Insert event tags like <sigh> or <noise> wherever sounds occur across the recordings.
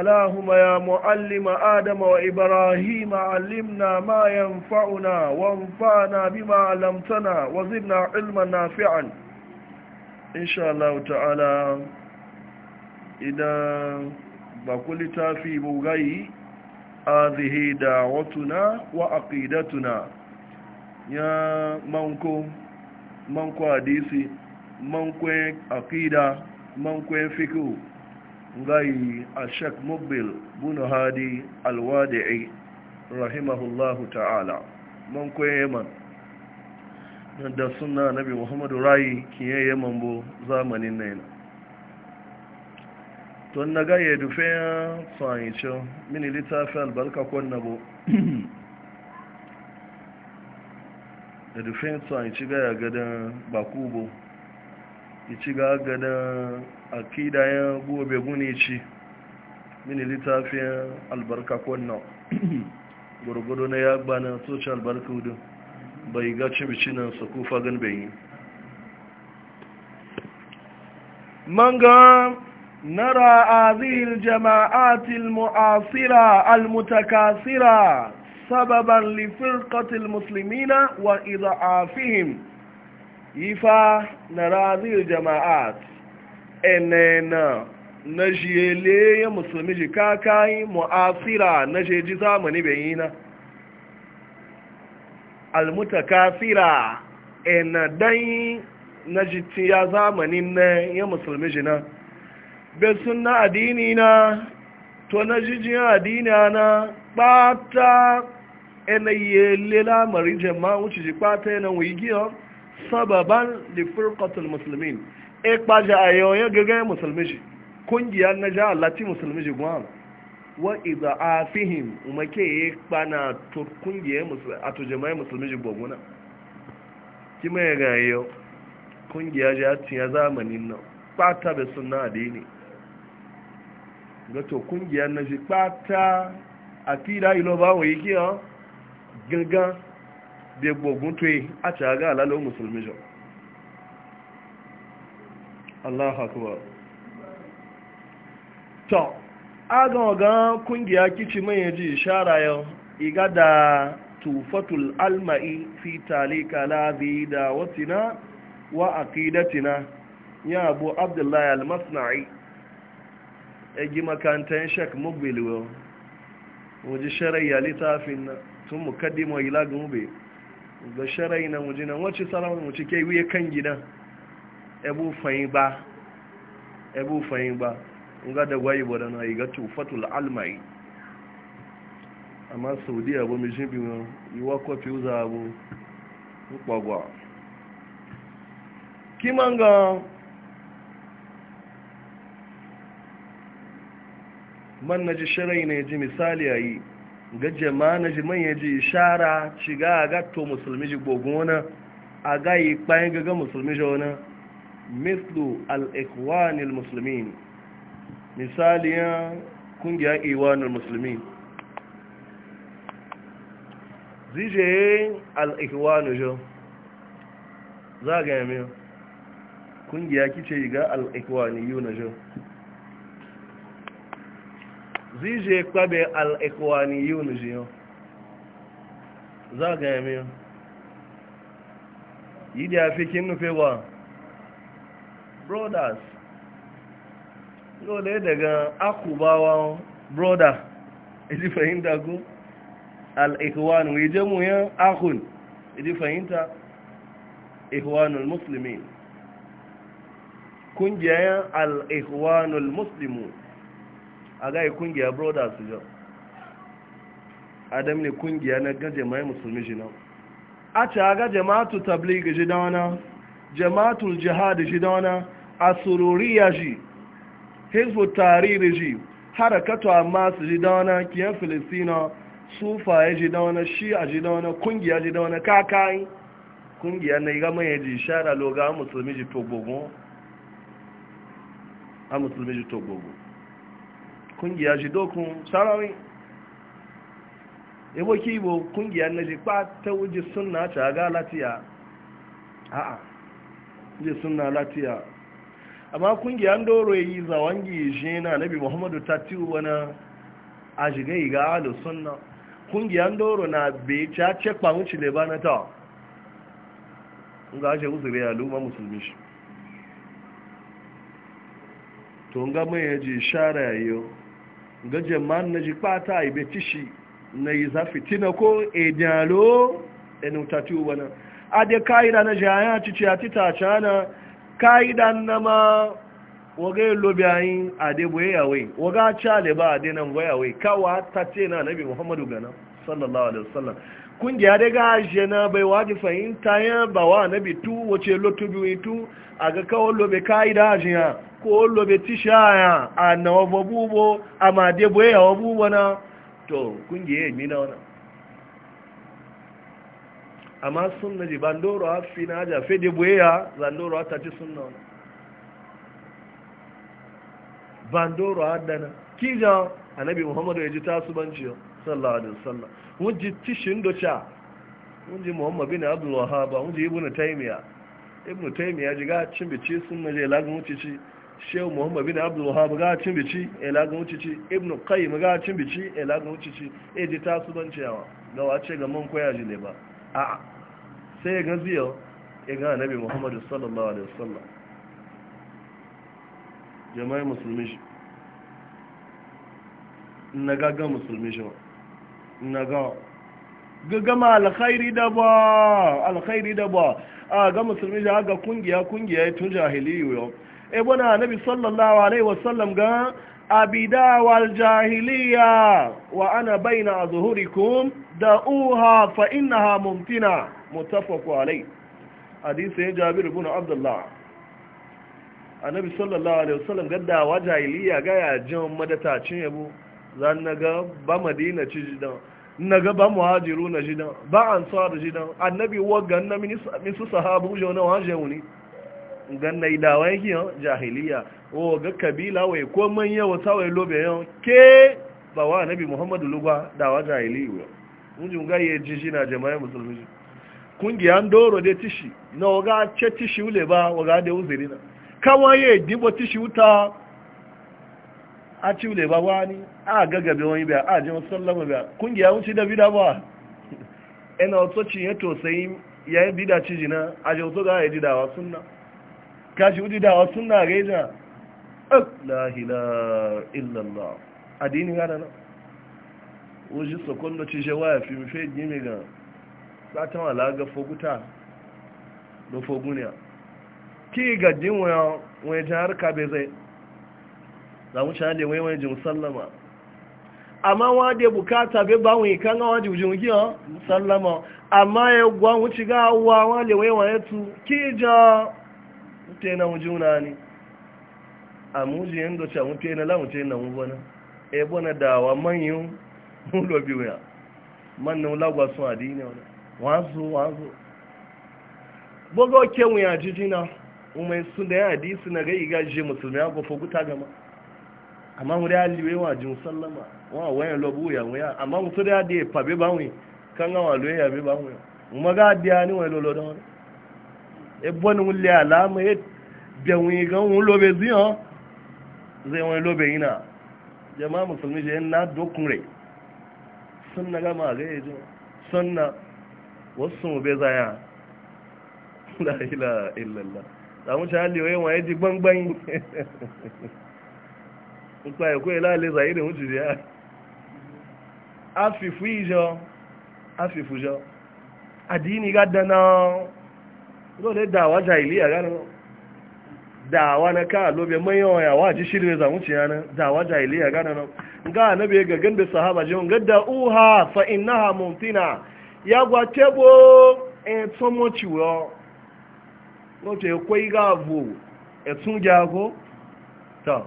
اللهم يا معلم آدم وإبراهيم علمنا ما ينفعنا وانفعنا بما علمتنا وزدنا علما نافعا إن شاء الله تعالى إذا بكل تافي بغي هذه دعوتنا وأقيدتنا يا منكو منكو حديثي منكو عقيدة منكو فكو gai a shek mubbil bunu hadi alwadi'i rahimahullahu ta'ala man kwaye yaman da suna nabi muhammadu rayi kiye yaman zamanin na yana na gaye dufe ya tsayicin mini littafin albarka kwanna bo da dufe ya tsayici gaya gadon bakubo ya ci ga gadon akida ya gobe guni ci, mini littafin albarka kwanna <clears throat> gurgudu na ya gbana soci albarka hudu bai ga nan su kufa gan benin manga nara azil jama'atil mu'asira almutakasira sababan lifirkatil musulmina wa iza'afihim ifa nara azil jama'at enena na jiyele ya musulmi ji kakayi mu'asira na jeji zamani bayina almutakasira ena dai na jitiya zamani na ya musulmi ji na be suna adini na to na jijiya adini na bata ena yele lamarin jama'a wuce ji bata yana wigiyo sababan lifirkatul musulmin e kpaja yau ya gaga musulmi shi kungiya na ja lati musulmi shi gwana wa iza a fihim umake ya e kpana kungiya a tujamai e musulmi shi gwagwana kima ya ga yau kungiya ja tiya zamanin nan kpata bai suna adini gato kungiya na shi kpata a kira ilo ba wa yi ha gangan da to tuyi a ala lo musulmi shi Allah akbar to agan ga kungiya kici mai yaji shara yau da tufatul almai fi talika ladhi da watina wa aqidatina ya abu abdullahi al-masna'i egi makantan shek mugbilwo waje ya littafin tun mu mukaddimo ila gumbe ga sharai na mujina wacce salamun wuce kai wuye kan gidan ebu fayin ba ebu fayin ba nga da gwayi bada na iga tufatul almai amma saudiya ba mai shi biyu yiwa kwafi uza abu nkwagwa kiman ga man na ji shirai ne ji misali a yi gajiyar ma na ji man ya ji ishara shiga a gato musulmi ji gbogbona a gayi bayan gaga musulmi ji wani mislu al'ikwanil musulmin misaliyan kungiyar iwanil musulmin zije al'ikwanu jo za ga yami kungiya kice ga al'ikwani na jo zije kwabe al'ikwani na jo za ga yami yi da fi kin nufewa brothers daga akubawa brother fahimta ko mu yan fahimta brothers adam ne na gaje mai musulmi a ta ga jama'atu jama'atul jihad shi da wani asururiya shi hezbo tariri shi harakatu amma su ji da wani kiyan filistina ya shi da wani a ji da wani kungiya ji da wani kakai kungiya na iga ya ji shara loga musulmi ji togbogbo a musulmi ji togbogbo kungiya ji dokun sarawin ibo kungiya na ji ta wuji suna ta ga latiya a'a je suna latiya amma kungiyar doro yi zawangi shi na nabi muhammadu ta tiwo na a shiga yi ga alu suna kungiyar doro na bai ca ce kwanwuci ba na ta ga shi uzuri ya luma musulmi shi to ga mai ya ji shara yau ga jaman na ji kpata ibe tishi na yi zafi tina ko edalo enu ta tiwo na ade kaida na jaya cici ati ta chana kaida na ma woge lobi ade boye yawe waga chale ba ade nan boye yawe kawa ta ce na nabi muhammadu gana sallallahu alaihi wasallam ji ade ga je na bai waji fahimta ya ba wa nabi tu wace lotu biyu tu a ga kawo lobe kaida ajiya ko lobe tishaya a na wabubo a ma ade boye yawa bubo na to kungiya ya mina wannan amma suna ji bandoro a fi na aja fede ha zandoro a tafi suna wani bandoro a dana muhammadu ya ji tasubanci sallallahu alaihi wasallam tishin muhammadu bin abdul ibnu taymiya ibnu taymiya ji ga cin bici sunna je lagun wucici shehu bin abdul ga cin bici e lagun wucici e e ji tasubanci yawa ga wace ga ne sai ga ziyo ya ga nabi muhammadu sallallahu alaihi wasallam jama'i musulmi shi na gaggan musulmi shi na ga gama alkhairi da ba alkhairi da ba a ga musulmi shi ga kungiya kungiya tun jahiliyu yau e bona nabi sallallahu alaihi wasallam ga abida wal jahiliya wa ana baina da da'uha fa innaha mumtina mutafaku alai hadisin jabir ibn abdullah annabi sallallahu alaihi wasallam gadda wa jahiliya ga ya jin madatacin yabo zan naga ba madina ci jidan naga ba muhajiru na jidan ba da jidan annabi wagan na misu sahabu jona wa jawni gan na idawa yake jahiliya o ga kabila wai ko man yawa tawai lobe yau ke ba wa annabi muhammadu lugwa da wa jahiliya mun ji ga yaji na jama'a musulmi kungiyan doro da tishi na waga ce tishi ule ba waga da uzuri na kawai ya dibo tishi wuta a ci ule ba wani a gagabe wani biya a jima sallama biya kungiya wuce da bida ba ina wato ci ya tosayi ya yi bida ci jina a jin wato ga ya didawa sunna kashi wuce dawa sunna ga ija la illallah adini gana na wuce sakon da ci shewa ya fi mafi gimi satan wala ga foguta da foguniya ki gajin wani ka kabe zai za mu ca da wani jin sallama amma wa da bukata bai ba wani kan gawa jujun giya sallama amma ya gwa wuce ga wa wa da wani wani tu ki ja mute na wujuna ne a muji yin mu mute na mu lamute na wubana ebe na dawa manyan mulobi wuya mannan lagwasun adini wani wazu wazu bogo ke umai da ya na ga musulmi guta gama amma aliwe wa ji musallama wa wayan lobu ya wuya amma ba kan ya ba ga ni lolo e alama e ga lobe ziyo zai wani lobe musulmi je na dokunre sun na gama wasu mu bai zaya la ila illallah samu ci hali wayan waye nípa ẹ̀kọ́ ìlàlẹ̀ zàírí ń jù yá afìfú ìjọ afìfú lóòdé dáwà ilé dáwà na káà lóbi dáwà ilé ga da sahaba ga da uha fa innaha mumtina ya gwa tebo etun mochi wo no te ko iga vu etun jago to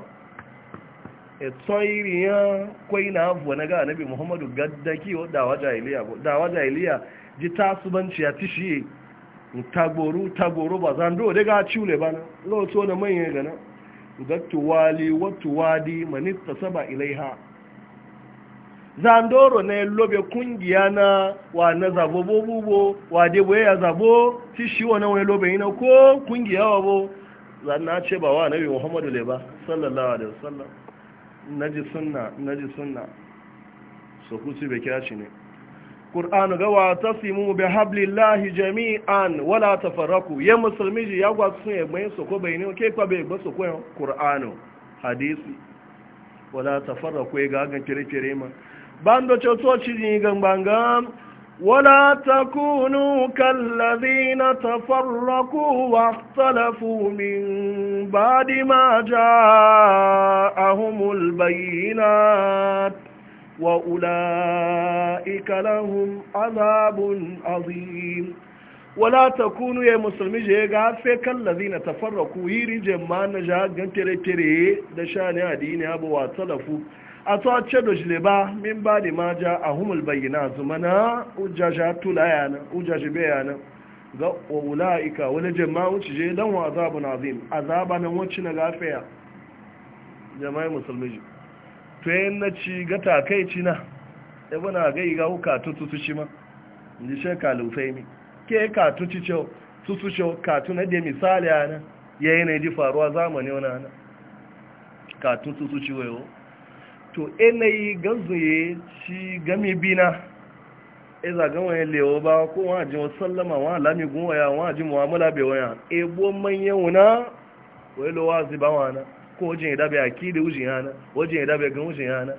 etun iri ya ko ina vu na ga nabi muhammadu gaddaki o dawa jahiliya go dawa jahiliya ji tasubanci ya tishi tagoru tagoru ba zan do daga ciule bana lo to na manye gana gattu wali wattu wadi man ittasaba ilaiha zandoro na lobe kungiya na wa na zabo bo? wa de bo ya zabo ti shi wa na wani lobe ina ko kungiya wa bo zanna ce ba wa nabi muhammadu le ba sallallahu alaihi wasallam naji sunna naji sunna so ku ci be kira shi ne qur'anu ga wa tasimu bi hablillahi jami'an wala tafarraqu ya musulmi ji ya gwa sun egbe so ko be ni ke kwa be gbo so ko qur'anu hadisi wala tafarraqu e ga ga kire kire ma bando coto cini gangbanga wala takunu kallazina tafarraqu wa ikhtalafu min ba'di ma ja'ahumul bayyinat wa ulaika lahum adhabun adhim wala takunu ya muslimi je ga fe kallazina tafarraqu yiri je na ja gantere tere da shani adini abu wa talafu a to a ce dojile ba min ba da maja a humul bayyana zuma na ujjaja tula yana ujjaji bai yana ga wula'ika wani jama'un cije don wa na zim azaba nan wacce na gafiya jama'in musulmi ji to yi na ci ga ci na ebe na gai ga huka tututu shi ma in ji shi kalufai mi ke ka tutu ce tutu ce ka tuna da misali ya yi na ji e faruwa zamani wani ana ka tutu su ci wayo to eleyi gazuye ci gami bina na e ga wani lewa ba ko wani ajin wasu sallama wani alami gunwaya wani ajin mu'amala bai waya ebo manyan wuna wai lowa zai ba wana ko wajen yada bai aki da wujin yana wajen ya bai gan wujin yana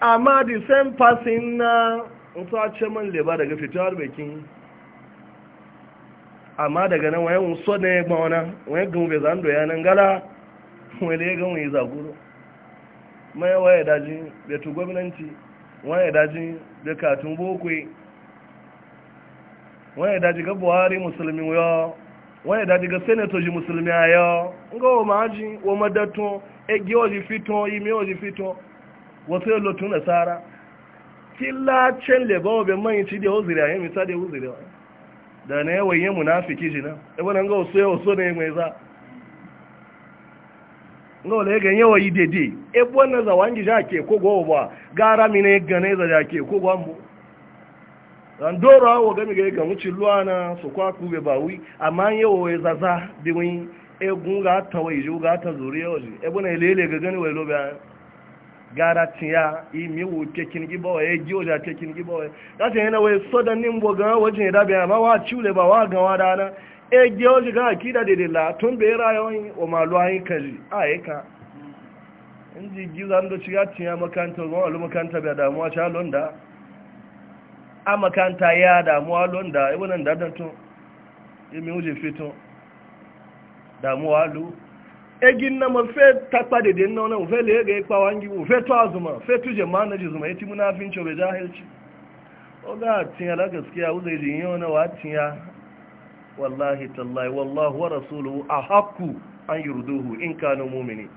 amma the same person na nso a ce man leba daga fitowar bakin amma daga nan gbawana wani mai waya daji da tu gwamnati waya daji da katun bokwe waya daji ga buhari musulmi yo waya daji ga senatoji musulmi ayo nga o maji o madato egi oji fito imi oji fito wasu lotun nasara kila chen leba obe mai ci da uzuri ayi misa da uzuri da na yawaye munafiki jina ebe na nga oso ya oso na enwe za nga wala ga yawa yi dede e bonna za wangi ja ke ko go ba gara mine gane za ja ke ko gwambo dan dora wo ga ga ga mu cilwa na so kwa ku be bawi amma wa we zaza bi wi e gunga ta wai ju ga ta zuriya waje e na lele ga gane wai lobe gara tiya i mi wo ke kin gi bawa e ji o ja ke kin gi bawa da ta yana wai sodan nin bo ga waje da be amma wa ciule ba wa ga wa dana ege o jiga akida dede tun be rayon o ma lo ayin kali ayeka inji gizan do shiga tiya makanta go alu makanta be da mu a cha londa a makanta ya da mu a londa e wonan da da to e mi uje fito da mu alu egin na ma fe takpa dede na o fe le ga ipa e wangi o fe to azuma fe tuje mana jizuma yati e munafin cho be jahilci o ga tiya la gaskiya uzai jin yona wa tiya wallahi tallahi wallahu wa rasuluhu a haku an yi yurduhu in kanu mumini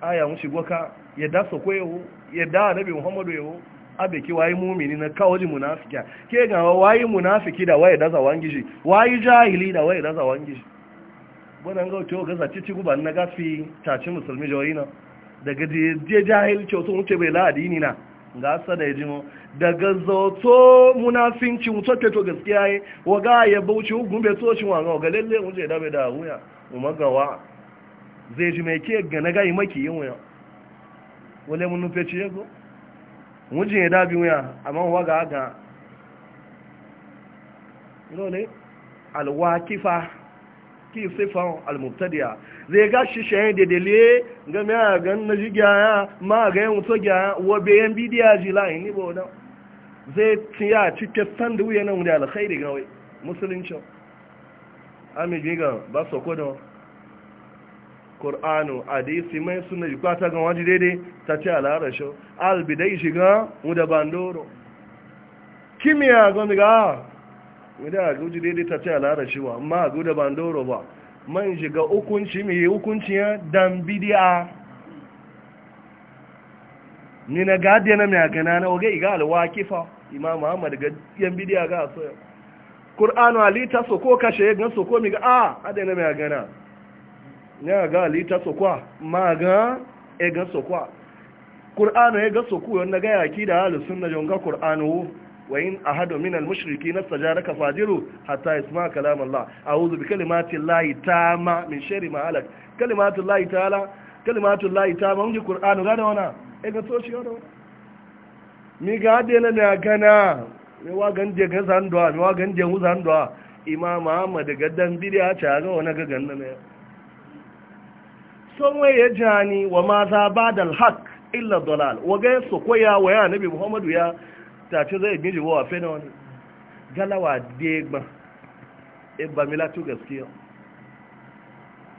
aya mun shigo ka yadda so koyo yadda annabi Muhammadu yawo abe ki wayi mu'mini na kawaji munafika ke ga wayi munafiki da waye daza wangiji wayi jahili da waye daza wangiji bonan ga to ga zaci ci guban na gafi tace musulmi jawina daga je jahilci to mutum bai la adini na ga asa da yajimo daga zoto munafinci mutu feto gaskiya yi wa ga ya bauchi hukun bai tsoci wa ga lalle wuce da bai da wuya umar gawa zai ji mai ke gane gayi maki yin wuya wale mun nufe ci yago wuce ya dabi wuya amma wa ga haka lole alwakifa ki sifan almubtadiya zai ga shi shayin da dele ga mai a gan na ji gyaya ma a ga yin wuto gyaya wa bayan bidiya ji la'ayin ni bauda zai tiya cike san da wuya nan da alkhairi gawai musuluncin ami giga ba su kodon ƙor'anu hadisi mai suna jikwata ga waje daidai ta ce al'ara shi albidai shiga wuda bandoro kimiyya ga wani ga wuda ga wuji daidai ta ce al'ara shi wa amma ga wuda bandoro ba man shiga hukunci mai hukuncin dan bidiya ni na gadi na mai gana na oge iga alwakifa imam muhammad ga yan bidiya ga so qur'anu alita so ko kashe ga so ko mi ga ah, a ade na mai gana ne ga alita so kwa ma ga e ga so kwa qur'anu e ga so ku yon na ga yaki da ahlus jonga qur'anu وإن أحد من المشركين استجارك فاجره حتى يسمع كلام الله أعوذ بكلمات الله تامة من شر ما هلك كلمات الله تعالى كلمات الله تامة من القرآن غدا وانا إذا توشي غدا وانا mi ga adela na gana mi wa ganje ga zandwa mi wa ganje hu zandwa imam Ahmad ga dan bidiya ta ga wani ga ganna ne son waye jani wa ma za badal haq illa dalal wa ga su koya wa ya nabi Muhammadu ya tàtí zai gbíjì wọ́wà fẹ́ náà ni galawa dẹ́gbà ẹgbà mi látú gaskiya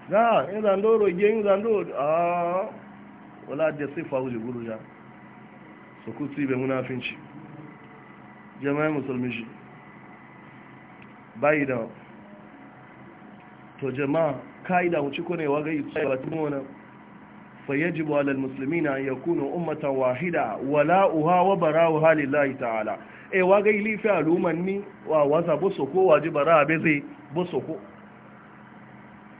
náà yin zandoro yẹ yin aaa fàwùjì gúrù ya sọkú tí ibẹ̀ múná fi ń ci to jama'a ka'ida wuce kone wa ga فيجب على المسلمين ان يكونوا أمة واحدة ولاؤها وبراؤها لله تعالى اي واغي لي في مني ووزا بسكو واجب راء بسكو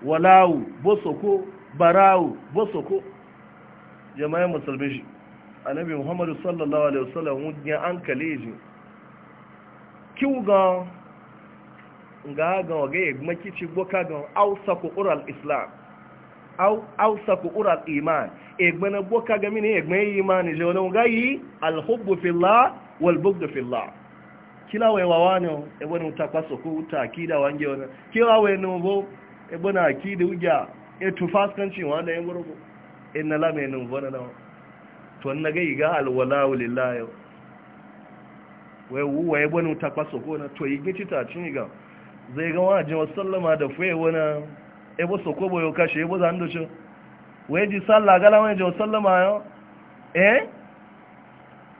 ولاو بسكو براو بسكو جماعه المسلمين النبي محمد صلى الله عليه وسلم ودنيا أنك كيوغا nga ga ga ga makici boka ga ausa ku ural islam au au iman egbana boka ga mini egbe imani le wala ngai al hubbu fillah wal fillah kila we wawano ebona utakwaso ku utakida wange ona kila we nobo ebona akide uja etu fast kanchi wala yengorobo inna la me nobo na to na gai ga alwala wala lillahi we wuwa ebona utakwaso ku na to yigiti ta ciniga zai ga wajen sallama da fuye wani ebo sokobo yo kashe ebo zan docho we ji sallah gala wani jo sallama yo eh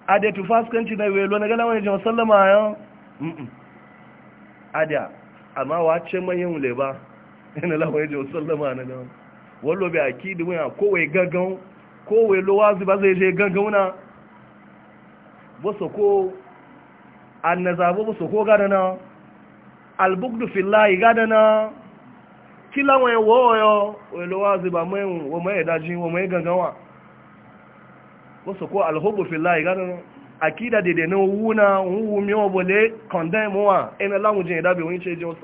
ade tu faskanci na we lo <laughs> na gala wani jo sallama yo mm ada amma wace yin le ba ina la wani jo sallama na da wallo bi akidi wani kowai gaggan kowai lo wazi ba zai je gangan na soko an annazabo bo soko gada na albugdu fillahi gada na kila wọn ẹwọ ọyọ olówó azìbà mẹ́rin wọn mẹ́rin ìdájí wọn wà wọ́n sọ kó alhobo fìlà ìgádùn àkídà dèdè náà wú náà òun wú mi ọ̀bọ̀ lé kọ̀ndẹ́m wà ẹni láwọn ìdábì wọn ṣe jẹun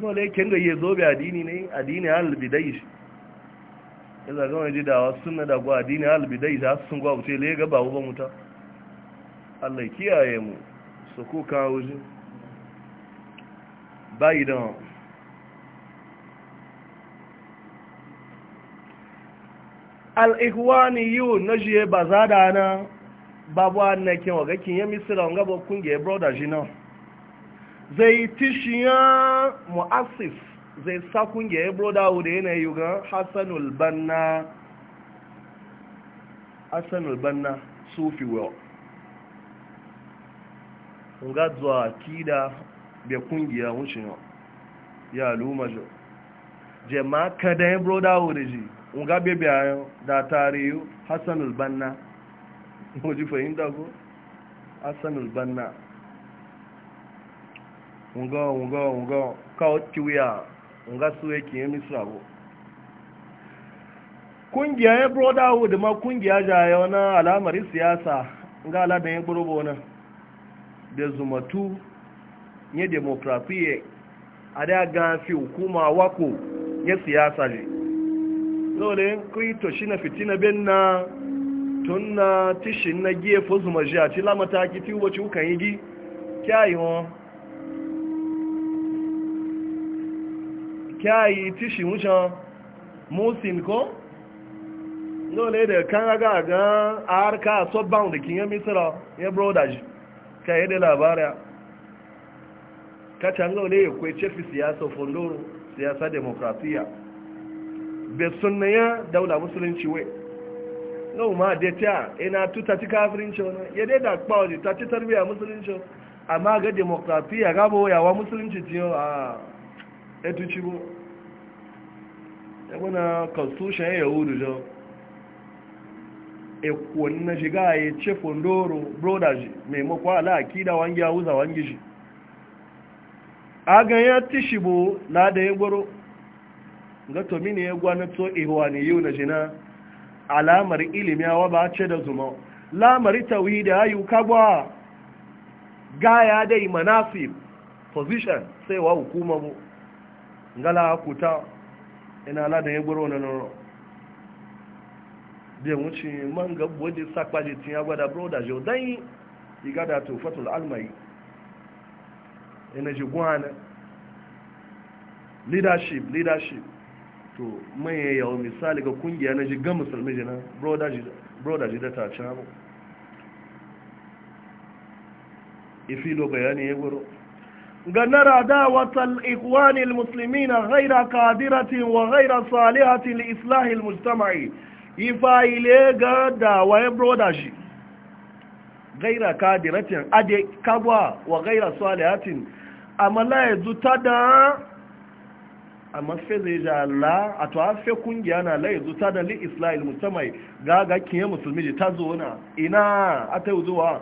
Kuma nola yake ga iya zobe addini ne adini halbidai shi ya zaga wani ji wasu suna da gwa adini halbidai za su sun gwa wuce le ga babu ba muta allah kiyaye mu su ko kawo shi bayi don al'ihuwani yiwu na jiye ba za da na babu annakin wagakin ya misira wanga ba kungiyar broda shi nan zai tishiya mu'assis zai sa kungiyar brodawo da yanayi ga hassanul banna hassanul banna sufi well ga zuwa kida da kungiya wucin ya jo? jama'a kada ya brodawo da ji ga bebe ayo da tarihi hassanul banna ko ji fahimta ko hassanul banna nga nga nga kawo tiwiya nga su yake misra bu kungiya ya brotherhood ma kungiya jaya wani alamari siyasa nga aladan ya gburu na da zumatu nye demokrafiye a da gafi hukuma wako ya siyasa ne dole krito shi na fitina bin na tun na tishin na gefe zuma ji a ci lamata kiti ci hukan yi gi kyayi wọn kyayi tishi wucin musin ko le da kan raga ga a harka sobban da kinye misira ya ye shi ka yi da labara kacan le ya ce fi siyasa fondoro siyasa demokrasiya bai sunna ya daula musulunci wai no ma e da ta ina tuta ci kafirinci wani ya dai da kpawo ta ci tarbiya musulunci amma ga demokrasiya gabo yawa musulunci ciyo a etuci bu yabana constitution ya yahudu jan ekwan na shiga ya ce fondoro broda ji maimakon ala akida wangi hausa wangi shi agan ya tishi bu lada ya gwaro ga to mini ya gwanato ihwani yau na jina alamar ilimi a waba ce da zuma lamari tawhida ya yi kagwa gaya dai manafi position sai wa hukuma mu ngala kuta ina la da yegoro na bi mu ci man ga bodi sakpaje tin ya gwada broda jo dai igada to fatul almai ina ji gwana leadership leadership to manye yawo misali ga kungiya na ji ga musulmi jina broda da ta ifi lo bayani ya ganar adawatal musulmi na ghaira qadiratin wa ghaira salihatin li islahil mujtama'i ifa ile ga dawaye broda shi ghaira qadiratin ade kagwa wa ghaira salihatin amala yanzu tada amma fe zai ja Allah a to an kungiya na la zuta da li islahil mujtama'i ga ga kiyan musulmi ta zo na ina yi zuwa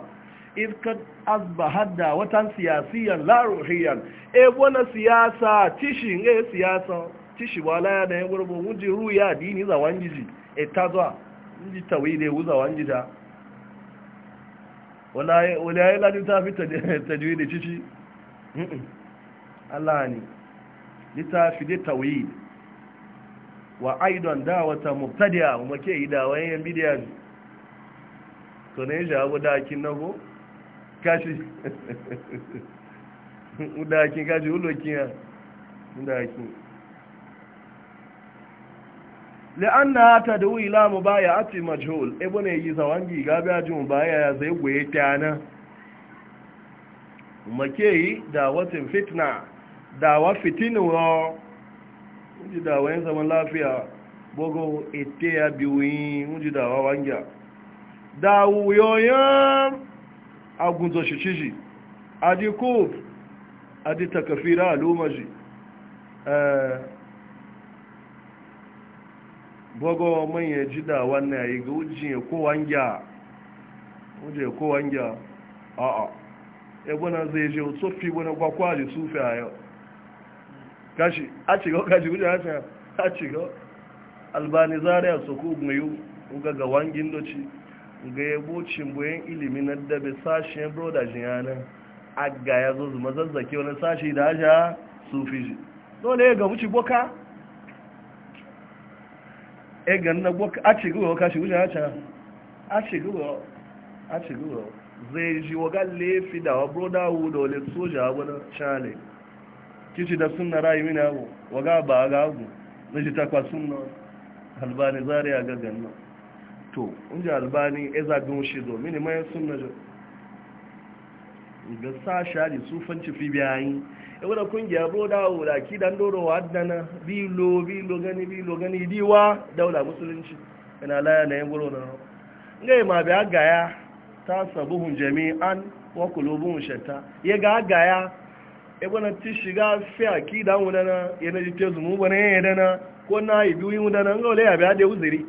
irkad asbahar watan siyasiyan laruhiyan E, na siyasa tishi ne siyasa tishi wala ya da ya gurbo wuji ruya dini za jiji. e ta zuwa ji ta tawi da wuza wangida wala ya ladin ta fi ta tajwi da cici Allah ne littafi da tawi wa aidon da wata mubtadiya kuma ke yi da wayan bidiyan to ne shi abu da akin nago kashi udakin kashi ulokin ya udakin na ta da wila mu baya ati majhul ebo ne yi zawangi gabi ajin baya ya zai goye tana make yi da watin fitna da wa fitinu ro ji da wayan zaman lafiya bogo ete ya biwi ji da wa wangiya da wuyoyin agunzo shi ciji adi kub adi takafira alumaji eh, bogo manya jida wannan yayi ga ujin kowangya wanja uje ya wanja a a ebona zai je wani bona kwakwali sufi yau kashi a cigo kashi uje a cigo albani zaria soku mai ga wangin doci ga yabo cimboyin ilimin na dabe sashen broda a ga ya zo zuma zazzake wani sashi da aja sufi dole ya e ga wuce boka e ganna boka a ce gaba kashi wuce haca a ce gaba a ce gaba zai ji waga lefi da wa broda wu da wale soja abu na chale kici da sunna rayu mini abu waga ba ga abu na ji takwa sunna albani zariya ga gannan. to inji albani eza zaɓi shi domin ne mayan sun najo ga sa shari sufanci fi biyayi ya wadda kungiya bro da ki dan doro wa addana bilo bilo gani bilo gani diwa daula musulunci yana laya na yin buro na ngayi ma bi agaya ta sabuhun jami'an wa kulubun shatta ya ga agaya ya wadda ti shiga fi ki dan na yana ji tezu mu bane ya dana ko na yi biyu wuna ya bi ade uziri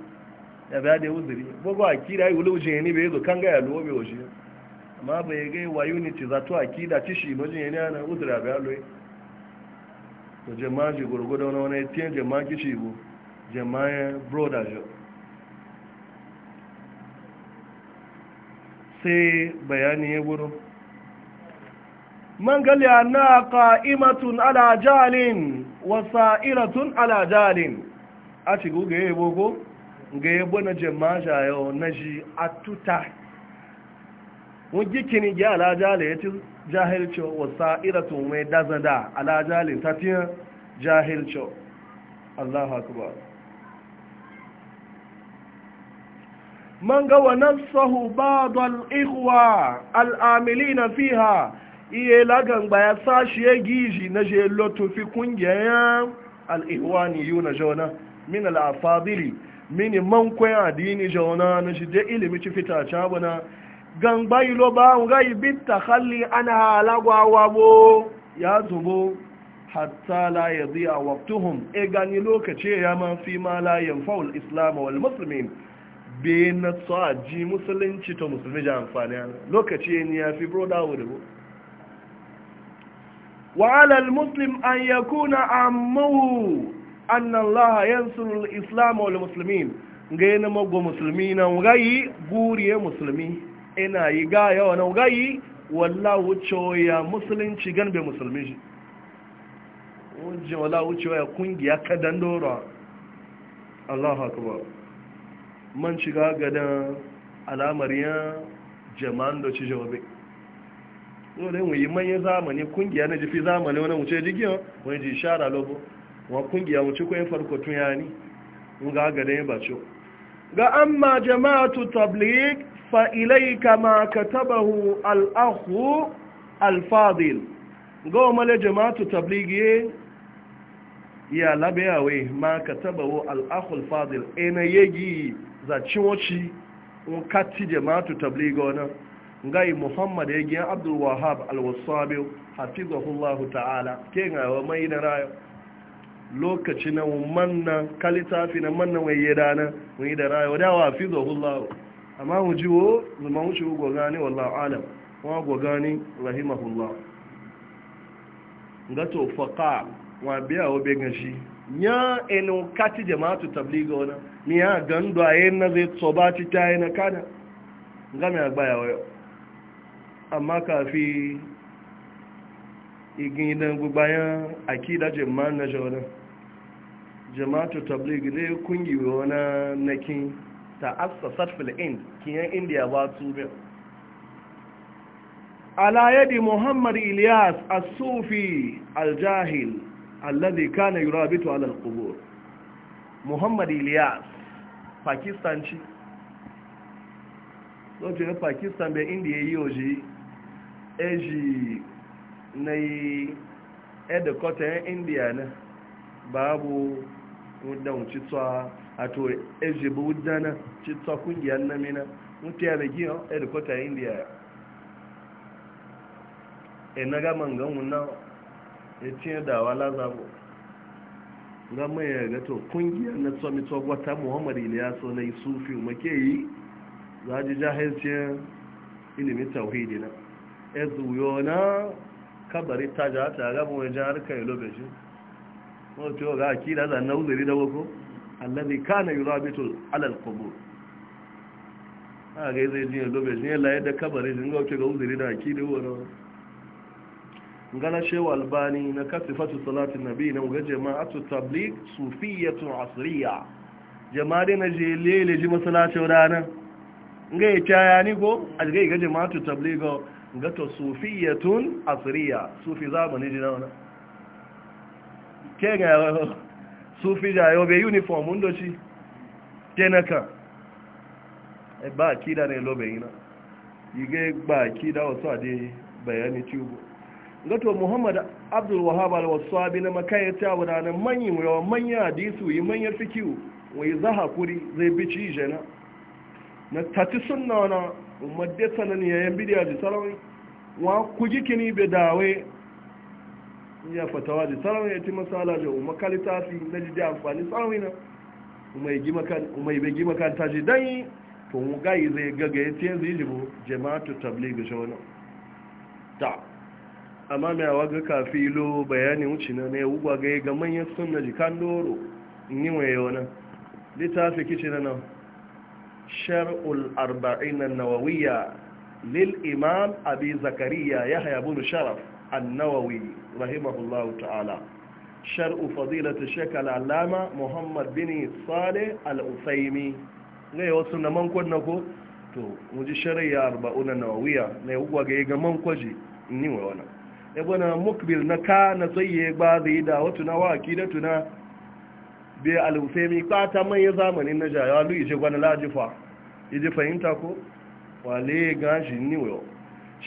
ya biya da uzuri bugu akida yi wulu jin ni bai zo kan ga ya lobe waje amma bai ga wa unity za to akida ci shi no jin ne na uzuri ga loye to jama'a ji gurgudu na wani tiyan jama'a ki shi bu jama'a broda jo sai bayani ya wuro man gali na qa'imatun ala jalin wa sa'iratun ala jalin a shigo ga yabo ko ga yabo na jama'a yau na ji a tuta wajen kini ya alajala ya ci jahilci wasa iratun mai dazada alajalin tafiyan jahilci allahu akbar man ga wa nafsahu ba'dal ikhwa na fiha iye lagan ba ya sashi ya gishi na je lotu fi kungiyar yiwu yuna jona min al'afadili mini man kwaya dini jona na shi je ilimi ci fita cabana gangba yi lo ba nga yi bitta halli ana halagwawa bo ya zubo hatta la ya ziya waktuhun e gani lokaci ya ma fi ma la faul islam wal muslimin be na tsaji musulunci to musulmi ja amfani lokaci ne ya fi broda wuri wa Wa'alal muslim an yakuna ammuhu annan laha yansu islam wal muslimin ga yana magwa musulmi na gayi guriye musulmi ina yi ga yawa na gayi wala wuce ya musulunci gan bai musulmi shi wajen wala wuce ya kungiya kadan dora allahu akbar man shiga gadan alamar ya jama'an da ci jawabe dole yi manyan zamani kungiya na jifi zamani wani wuce jigiyar wani ji shara lobo wa kungiya wuce kwayin farko tun yani ga ga gada ya ce ga amma jama'atu tabligh fa ilayka ma katabahu al-akhu al-fadil ga mala jama'atu tabligh ya labeyawe ma katabahu al-akhu al-fadil ina yegi za ciwoci un katti jama'atu tabligh ona ngai muhammad yegi abdul wahhab al-wasabi hafizahullahu ta'ala kenga wa mai da rayo lokaci na manna kalitafi na manna mai yada dana mun yi da raya da wa fi zuwa amma mu ji wo zuma wuce go gani wallahu alam wa go gani rahimahullah ngato faqa wa biya wo be ganshi nya eno kati jama'atu tabliga wana ni ya gando ayen na zai tsobati ta yana kana ngame agbaya wayo amma kafi igin idan gbugbayan akida jama'an na jawadan jama'atu tabligh ne kungi wani nakin ta assasat fil ind kiyan india ba su be ala yadi muhammad ilyas as-sufi al-jahil alladhi kana yurabitu ala al-qubur muhammad ilyas pakistanci lọ́jọ́ ne pakistan be india yi òjì ẹjì e na ẹ̀dẹ̀kọ́tẹ̀ e india náà babu. wuce tsawa a to ejibu ci tsawa kungiyar namina mutu ya begi yau rikota india ya e na gama ganwun na e, ya da dawa lazabo gama ya gato kungiyar na tsamito gwata muhammad so na isufi make yi za a ji jahilciyar ilimin tauhidi na e, yau na kabari ta jata gama wajen harkar shi." wato ga akida za na uzuri da wako allazi kana yurabitu ala alqubur aga zai jiya dobe ne la yadda kabari jin gauce ga uzuri da akida wannan ngala shehu albani na kasifatu salati nabi na ga jama'atu tabligh sufiyatu asriya jama'a na je lele ji masallaci rana ga ya taya ni ko a ga jama'atu tabligh ga to sufiyatun asriya sufi zamani jina wannan ke ga sufi da yau bai uniform mun doci ke na kan ba a kida ne lobe yana yige ba a kida wasu a dai bayani gato muhammad abdul wahab al-wasabi na manyan hadisu yi manyan hakuri zai bi ci na tati sunna wana umadde wa kujikini bai dawe ya fatawa da sarawai ya ti masala da umar kalita fi na ji da amfani sarawai na umar bai gima kan ta ji dan to mu gayi zai gaga ya tiyan zai jibo jama'atu tabli ga shawana ta amma mai awa ga kafilo bayani wuce na ne ugwa ga ga manyan sun na jikan doro ni mai yawana littafi kici na nan shar'ul arba'in nawawiya lil imam abi zakariya yahya bin sharaf النووي رحمه الله تعالى شرع فضيلة الشيخ العلامة محمد بن صالح الأثيمي ne wasu na mankon na ko to mu muji shari'a na nawawiya Na ugwa ga ga mankoji ni wa wana e na mukbil na ka na tsaye ba zai da wato na waki da tuna bi al-usaimi ka ta mai zamanin na jayalu ije gwana lajifa ije fahimta ko wale gashi ni wa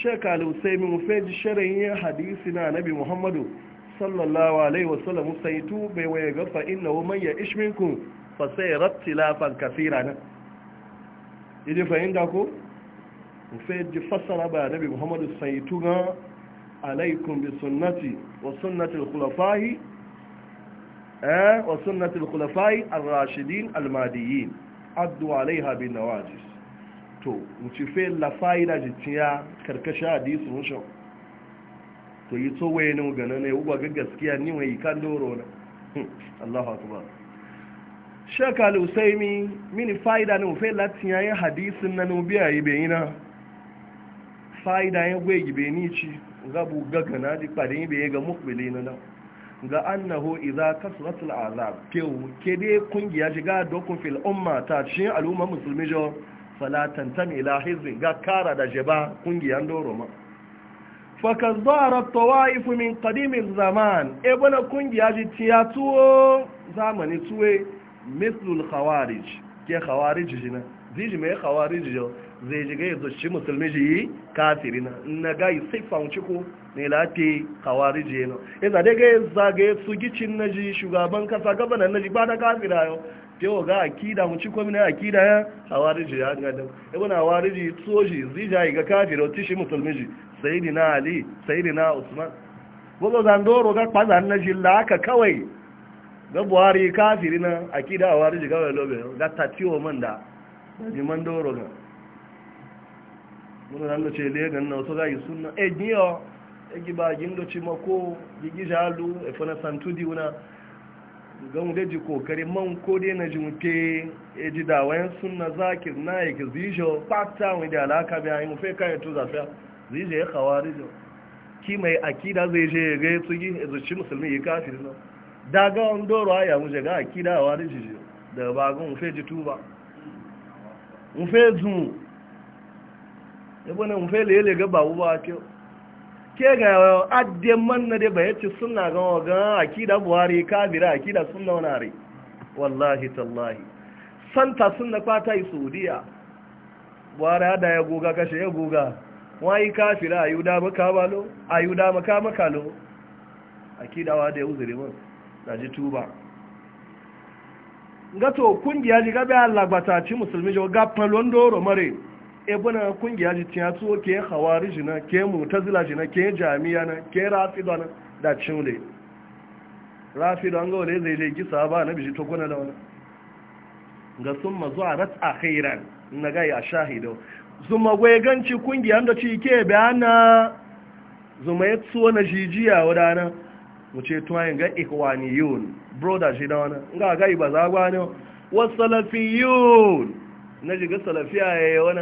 shek al-usaimi mu feji sharayin hadisi na nabi muhammadu sallallahu alaihi wasallam sai tu bai waye ga fa innahu man ya'ish minkum fa sayara lafan kaseera na idi fahimta ko mu feji fassara ba nabi muhammadu saitu tu ga alaikum bi sunnati wa sunnati al-khulafa'i eh wa sunnati al-khulafa'i ar-rashidin al-mahdiyyin addu alaiha bin nawajis to ci fe la fa'ida jitiya karkashin hadisi rushe to yi to waye ne gana ne ugwa ga gaskiya ni wai kan doro na hmm, Allahu akbar shaka Al Usaimi mini fa'ida ne fe la tiya hadisin nan bi yi be ina fa'ida yin gwe gibe ni ci ga bu ga kana di yi be ga mukbili na da ga annahu idza kasratul azab ke ke dai kungiya shiga dokun fil umma ta shi al'umma musulmi jo falatan tam ila hizbin ga kara da jaba kungiyar doro ma fakas zara tawaifu min qadimin zaman ebona kungiya ji tiya tuwo zamani tuwe mislul khawarij ke khawarij jina ziji mai khawarij jo zai ga yanzu shi musulmi ji kafiri na na ga yi ciko ne lati khawarij yana yanzu dai ga zage su gicin naji shugaban kasa gabanan naji ba da kafira yau kewa ga akida mu ci ko mina akida ya hawariji ya ga da ibn e hawariji soji zija ga kafir o tishi musulmi ji sayyidina ali sayyidina usman wazo zandoro ga kwaza na jilla ka kawai ga buhari kafiri na akida hawariji ga lobe ga tatiwo man da ji man doro ga mun nan ce le ga nan so ga yi sunna e giyo e giba gindo ci mako gigi jalu e fana santudi una gan da ji kokari man ko dai na jimke e ji dawayen suna zakir na ya ki zijo fata wani da alaka biya yi mafi kayan to zafi zijo ya kawo rijo ki mai akida zai je ya gaya tsugi ya zuci musulmi ya kafi nan daga wani doro a yamu ga akida wa rijo da ba gan mafi ji tuba mafi zu. ya bane mafi lele ga babu ba kyau ke ga adde man na bai ci sunna ga waga akida buhari kabira akida sunna wani wallahi tallahi santa sunna kwata yi saudiya buhari hada ya goga kashe ya goga wani kafira a yuda makamalo a yuda makalo akida wa da ya uzuri mun na ji tuba gato kungiya ji gabi allagbata ci musulmi jo falon doro mare ebuna kungiya ji tiya tuwo ke hawari jina ke mutazila jina ke jami'a na ke rafido na da cinle rafido an gawa zai zai gisa ba na biji to gona da wani ga sun mazu zuwa rat a hairan na gai a shahido zuma gwaye ganci kungiya da ci ke bayana zuma ya tsuwa na jijiya wadana mu ce tuwayin ga ikwaniyun broda shi da wani ga gai ba za gwani wasu salafiyun na jiga salafiya ya yi wani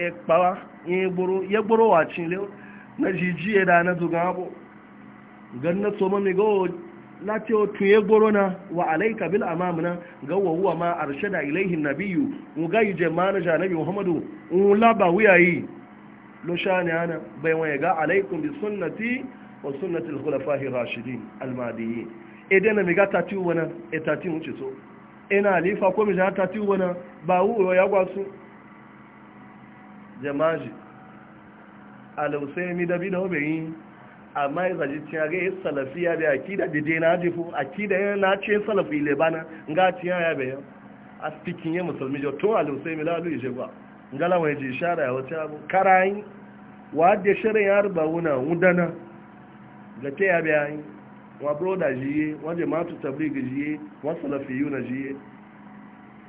ekpawa ya e gboro e wacin lewa na jijiye da na zuga abu gan na tsoma mai gawo lati tun ya e gboro na wa alaika bil amamuna ga wawuwa ma arshada ilaihin nabiyu nga yi jemana ja nabi muhammadu nla ba wuyayi lo sha ne ana bai wani ga alaikum bi sunnati wa sunnati al-khulafahi rashidin al-mahdiyyin idan na miga tati wana e tati mu ci so ina alifa ko mi ja tati wana ba wuyo ya gwasu jamaji alausai mi dabi da obirin amma ya zaji cin aga yi salafiya da akida dide na jifu akida yana na ce salafi lebana nga tiya ya bayan a spikin ya musulmi jo to alausai mi lalu ije ba ngala wani ji shara ya wata abu karayin wadda shirin ya arba wuna wudana ga ta ya bayan wa broda jiye wa jama'atu tabligh jiye wa salafiyuna jiye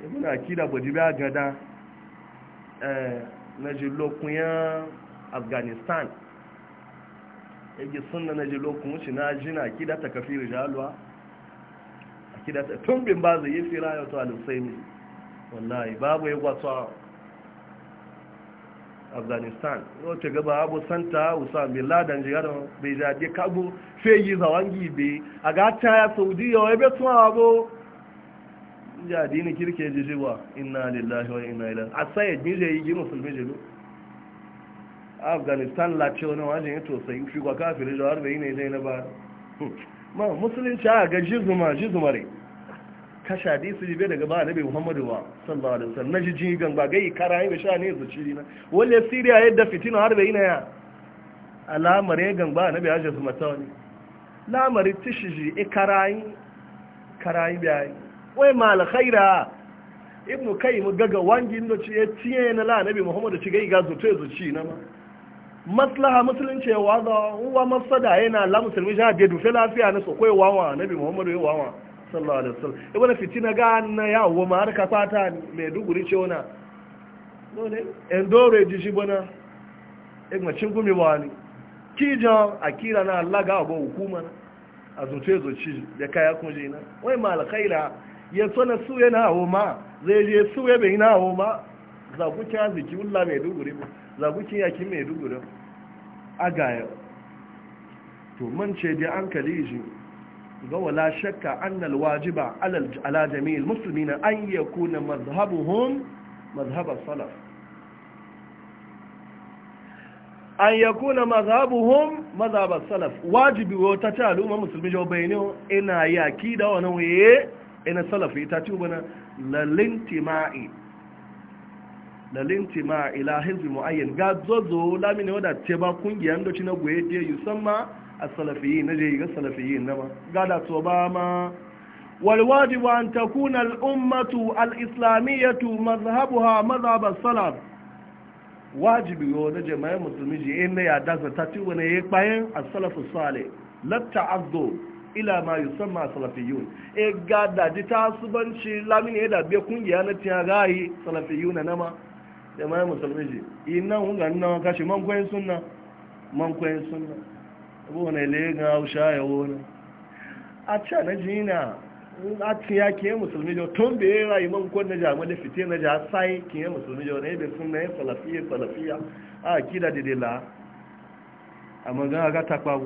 ibn akida gwajibi agada eh na jilokun ya afghanistan yake sunna na jilokun shi na jina kida ta kafi rijalwa a kida ta tumbin ba zai yi fira ya to alusaini wallahi babu ya gwata afghanistan yau ce gaba abu santa usam bin laden jigar bai jade kabo fe yi zawangi bai a gata ya saudiya wai bai tunawa abu ya dini kirke ji ba inna lillahi wa inna ilaihi a sai ni je yi musulmi je lo afghanistan la ce wani wajen to sai shi kwa kafiri da bai ne dai na ba ma musulunci a ga jizuma ka sha di su jibe daga ba annabi muhammadu wa sallallahu alaihi wasallam naji ji gan ba gai kara ne sha ne zuci na walle siriya yadda fitina bai ina ya alamar ya gan ba annabi ya jazuma tawani lamari tishiji e karayi karayi biyayi wai ma alkhaira ibn gaga wangi ndo ci ya na la muhammadu ci gai ga ya zuci na ma maslaha musulunci ya waza uwa mafsada yana la musulmi ja dufe lafiya na so wa wawa annabi muhammadu ya wawa sallallahu alaihi wasallam ibn ya wo ma harka fata duguri wani na Allah na a zuce da kaya wai ya tsona su na hawo ma zai je su ya bai na hau ma zagukin arziki wula mai duguri ba zagukin yakin mai duguri a gaya to man ce dai an kaliji ga wala shakka annal wajiba ala musulmi na an yakuna mazhabuhum mazhabar salaf an ya kuna mazhabuhum mazhabar salaf wajibi wata ta al'umma musulmi jau bai ne ina yaki da wani waye ina salafi ta ci ubana lalintima'i lalintima ila hizbi mu'ayyan ga zozo lamini wadda ce ba kungiyar doci na goye je ma a salafiyi na je ga salafiyi na ba ga da to ba ma والواجب أن تكون الأمة الإسلامية مذهبها مذهب السلف واجب يقول جماعة مسلمين إن يا دازة تاتي ونيك a السلف الصالح لا تعذب ila ma ma salafiyun e ga e da ji tasubanci lamini ya dabe kungiya na tiya gayi salafiyun na nama da mai musulmi ji ina hunga na kashi man koyin sunna man koyin sunna abu ne ga ya wona a na a tiya ke musulmi jo tun man na jama da fite na ja sai ke musulmi be sunna salafiya salafiya a ga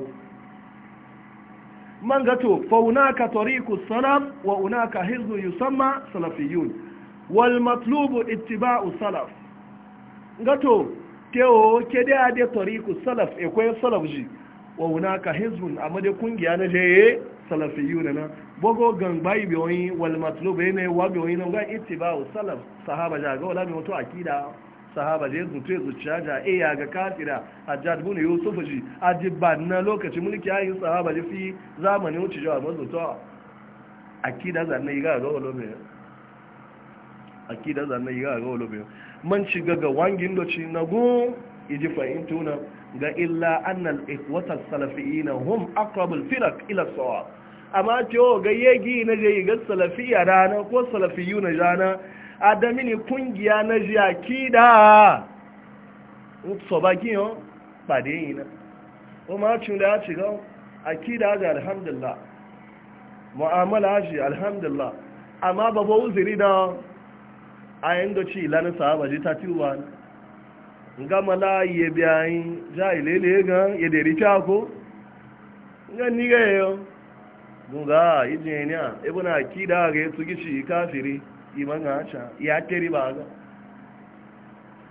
man gato faunaka tariku salaf wa unaka hizbu yusamma salafiyun wal matlubu ittiba'u salaf gato teo kede ade tariku salaf ekwe salaf ji wa unaka hizbun amade kungiya na je e, salafiyuna na bogo gan bayi biyoyi wal matlubu ne wa biyoyi na ga ittiba'u salaf sahaba jaga wala mi wato akida sahaba je zuce zuciya ga iya e ga kafira hajjaj bin yusuf ji ajiba na lokaci mulki ayi sahaba ji fi zamanin wuce jawa mazuto akida zanne ga ga walo me akida zanne ga ga walo me man shiga ga wangin doci na go iji fahimtuna ga illa annal ikwata salafiyina hum aqrabul firaq ila sawab amma ce o ga yegi na je ga salafiya rana ko salafiyu na rana adamini kungiya na ji akida so soba giyo pade yi na o ma cin da ya ci gan akida ga alhamdulillah mu'amala ji alhamdulillah amma babu ba uzuri da ayin da ci ilanin sahaba ji ta tiwa nga mala ye biyayin ja ilele gan ya deri ko nga ni ga yo gunga ijeniya ibuna akida ga su gishi kafiri Iman imanga acha ya teri ba ga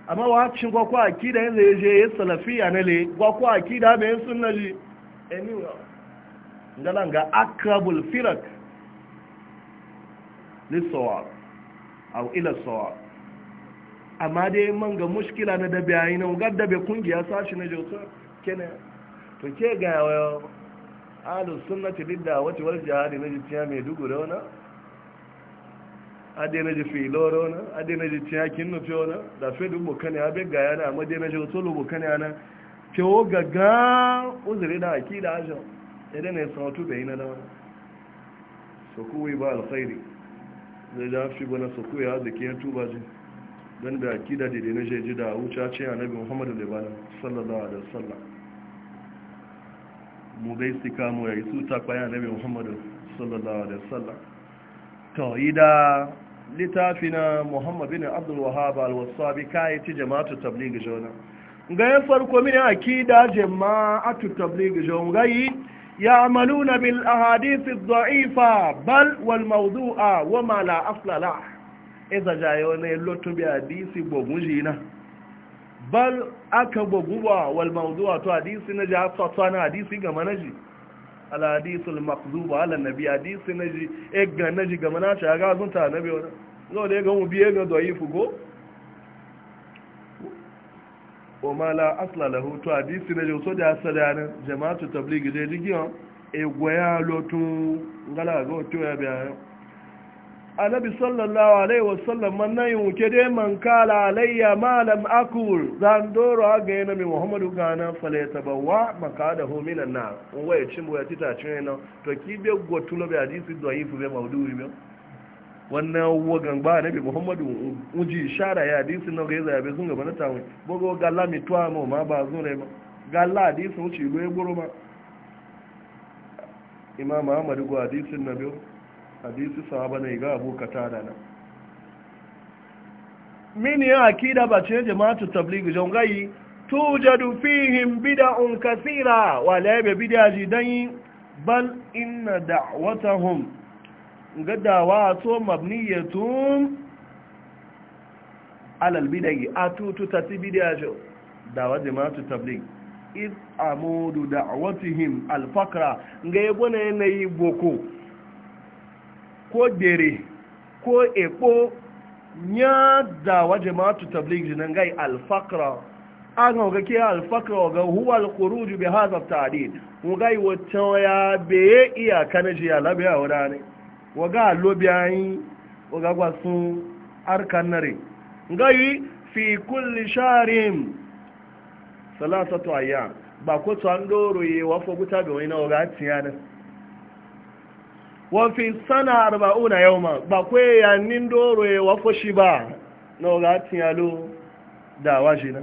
amma wa cin gwa kwa akida yanzu ya je ya salafiya na le gwa kwa akida mai ji anyway ngalan ga akrabul firak lissawab au ila sawab amma dai man ga mushkila na dabe ayi na ga dabe kungiya sashi na jota kenan to ke ga ahlus sunnati lidda wati wal jihad na jitiya mai dugu da wannan adena ji filoro na adena ji tiyakin nufi fiona, da fe dubu kane abe ga yana amma dena ji otolo bu kane ana ke o gaga uzuri da haki da ajo idan ne sa otu bai na da wani so ba alkhairi zai da fi bana so ya a zaki ya tuba ji don da haki da dede na jeji da wuce ce anabi muhammadu libana sallallahu alaihi wasallam mu bai sika mu yayi su ta kwaya annabi muhammadu sallallahu alaihi wasallam to da littafina muhammad bin abdul Alwassabi. al-wasabi ci jama'atu tabligh jona gayan farko min akida jama'atu tabligi jona gayi na bil ahadisi ad-da'ifa bal wal mawdu'a wa ma la Aflala. la idza jayo ne lotu bi hadisi jina. bal aka boguwa wal mawdu'a to hadisi na ja fatwa na hadisi ga manaji alhadisul maqzuba ala nabi hadisi naji e ga naji ga mana ta ga sun ta nabi wala no le ga mu biye ga do yifu go o mala asla lahu to hadisi naji so da sadana jama'atu tabligh de jigiyo e goya lotun ngala go to ya biya annabi sallallahu alaihi wasallam man nan wuke dai man kala alayya malam akul zan doro ga yana mai muhammadu gana fale wa maka da homina na waya cin waya tita cin na to ki be gotu lo be hadisi do yi fu be maudu'i be wannan wagan ba bi muhammadu uji shara ya hadisi na ga ya be sun gaba na tawo bogo galla mi to amo ma ba zo ne ma galla hadisi uci lo e goro ma imam ahmad go hadisin nabi hadisi sahaba ne ga abu da na min ya akida ba ce jama'atu tabligh tu jadu fihim bid'un kathira wa la bi bid'ati dai bal inna da'watahum ga to mabniyatun ala al-bid'i tati tatbidiyaju da'wa jama'atu tabligh iz amudu da'watihim al fakra ngaye bone ne nayi boko ko dere ko epo ya dawa jama'atu tabligh nan gai alfakra an ga ke alfakra ga huwa alkhuruj bi hadha at-ta'did mu gai wata ya be iya kana je ya labiya wadane waga lobiyan waga gwasun arkan nga gai fi kulli sharin salasatu ayyam ba ko to an doro ye wa foguta be wani waga tiyana wafi sana arba'una yauma ba kwe ya nin doro ya wafo ba na ga tiyalo da waje na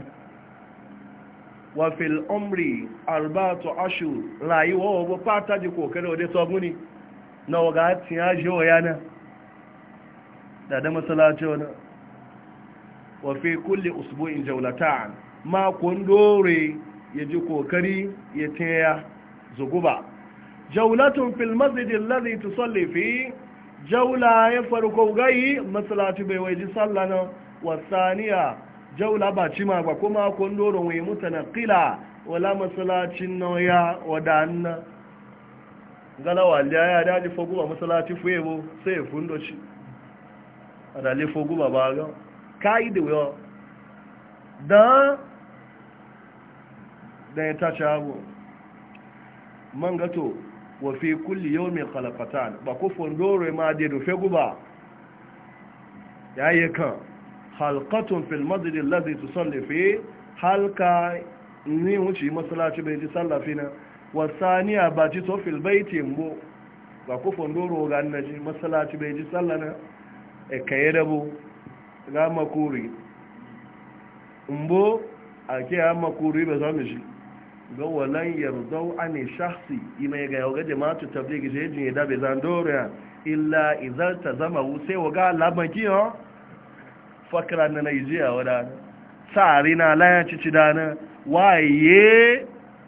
wafi al'umri arba'atu ashur rayuwa wa ba fata ji kokare wa dai sabuni na ga tiyaje wa yana da da masalaci kulle usbu'in jaulata'an makon dore ya ji kokari ya taya zuguba jaulatun fil masjidin lazi tusalli fi jaula ya farko gai masalatu bai waje sallah na wasaniya jaula ba ci ma ba kuma kondoron wai mutana kila wala masalacin nauya wadanna galawa da ya daji foguba fiye fuyewo sai ya fundo shi a dalil foguba ba ga kayi da wuyo da da ya tashi abu man gato wa fi kulli yawmin khalaqatan ba ko fondore ma de do fegu ba yayi kan halqatun fil madri alladhi tusalli fi halka ni wuce masallaci bai ji sallafi na wa saniya ba ji to fil baiti mbo ba ko fondoro ga annaji masallaci bai ji sallana e da dabo ga makuri mbo ake ya makuri ba za mu shi ga walan a ani shahsi ima ga yau ga jama'atu tabligh je jini da bai zan dora illa ta zama wuce wa ga laban kiyo fakra na Nigeria wada tsari na laya cici dana waye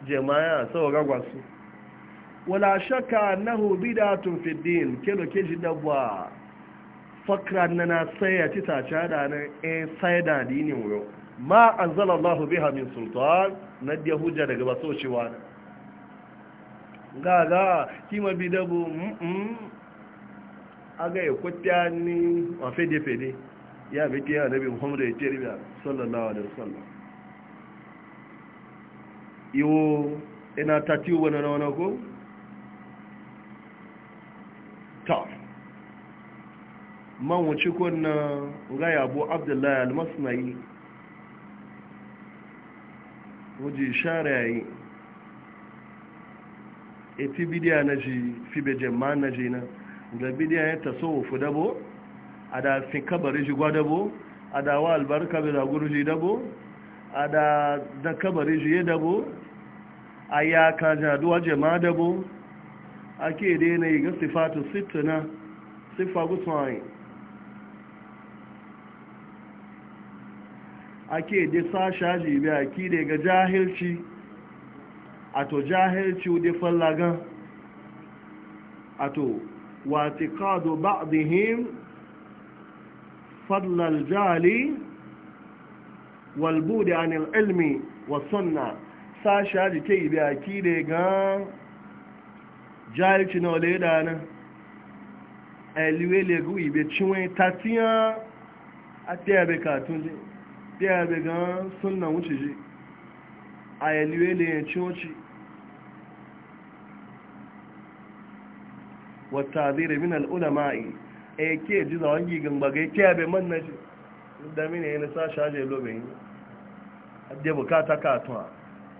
jama'a sai ga gwasu wala na hobi da tun fiddin kelo keji dabba fakra na na sai ya ci tace eh, da nan in sai da dinin wuyo ma anzala Allahu biha min sultan nadiya hujja daga baso cewa ga ga kima bidabu mm aga ya kwatya ni wa fede fede ya bi tiya nabi Muhammad ya ce riba sallallahu alaihi wasallam yo ina tatiwa na wani ko ta man wuce kuna gaya abu abdullahi almasnai wuji share yi eti bidiya na ji fi bejen ma na ji na ga bidiya ya tasowufu dabo a da fi kabari ji gwa dabo a da wa albarka bi zaguru ji dabo a da da kabari ji ya dabo a ya kan jaduwa jema dabo ake na yi ga sifatu sittina sifa gusuwa ake da sasha jibi a ki daga jahilci a to jahilci da fallaga a to watikadu ba'dihim fadlal jali walbude anil ilmi wa sunna sasha ji ke ibi a ki daga jahilci na wale da nan eliwe legu ibe cinwe tatiyan a tebe katunje bí a bẹ̀ gan súnnà wuce jí àyẹ̀lúwé lè yẹn tí ó ci wata zire min al'ulama'i a e yake ji zawon gigan bagai ke abe man na ji da ya yana sa shaje lobin adde bukata katuwa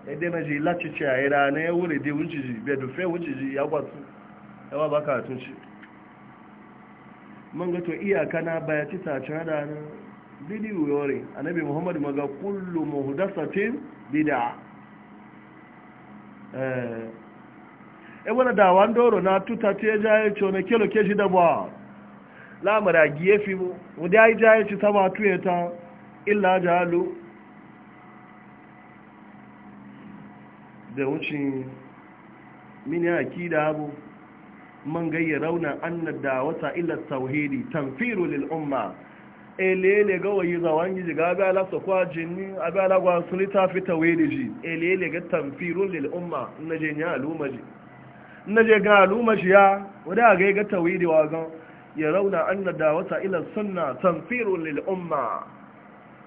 ɗaya e na ji lati ce a yi rana ya wuri di wunci ji bai dufe wunci ji ya gwatsu yawa ba katun ci man gato iyaka na bayati ta ci hada nan bidiyo yore annabi muhammadu maga kullu muhdasatin bid'a eh e wala da wan doro na tuta te jaye chone kelo ke da bawa? la mara giye fi mu yi ai jaye ci sama tuye ta illa jalu da wucin mini akida abu man gayyarauna anna dawata illa tauhidi tanfiru lil umma elele ga wayi zawan gizi ga la so kwa jinni abi ala gwa sulita fi tawiliji elele ga tamfirun lil umma na je nya aluma ji na je ga aluma shi ya wada ga ga tawili wa ga ya rauna anna dawata ila sunna tamfirun lil umma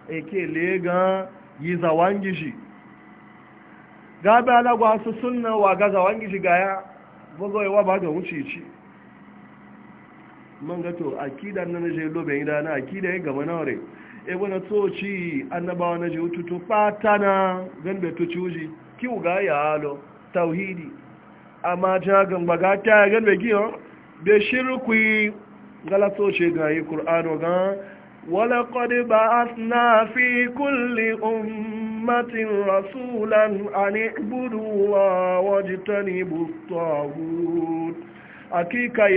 ke le ga yi zawan ji ga abi ala gwa su sunna wa ga zawan ji ga ya bugo wa ba wuci ci man gato akida na naje lobe ida na akida ya gama na e wani tochi annabawa na je ututu patana na ganbe toci wuji kiwu ga ya alo tauhidi amma ja gamba ga ta ganbe giyo be shirku gala tochi ga yi qur'ano ga qad ba'athna fi kulli ummatin rasulan an ibudu wa wajtanibu tawut akika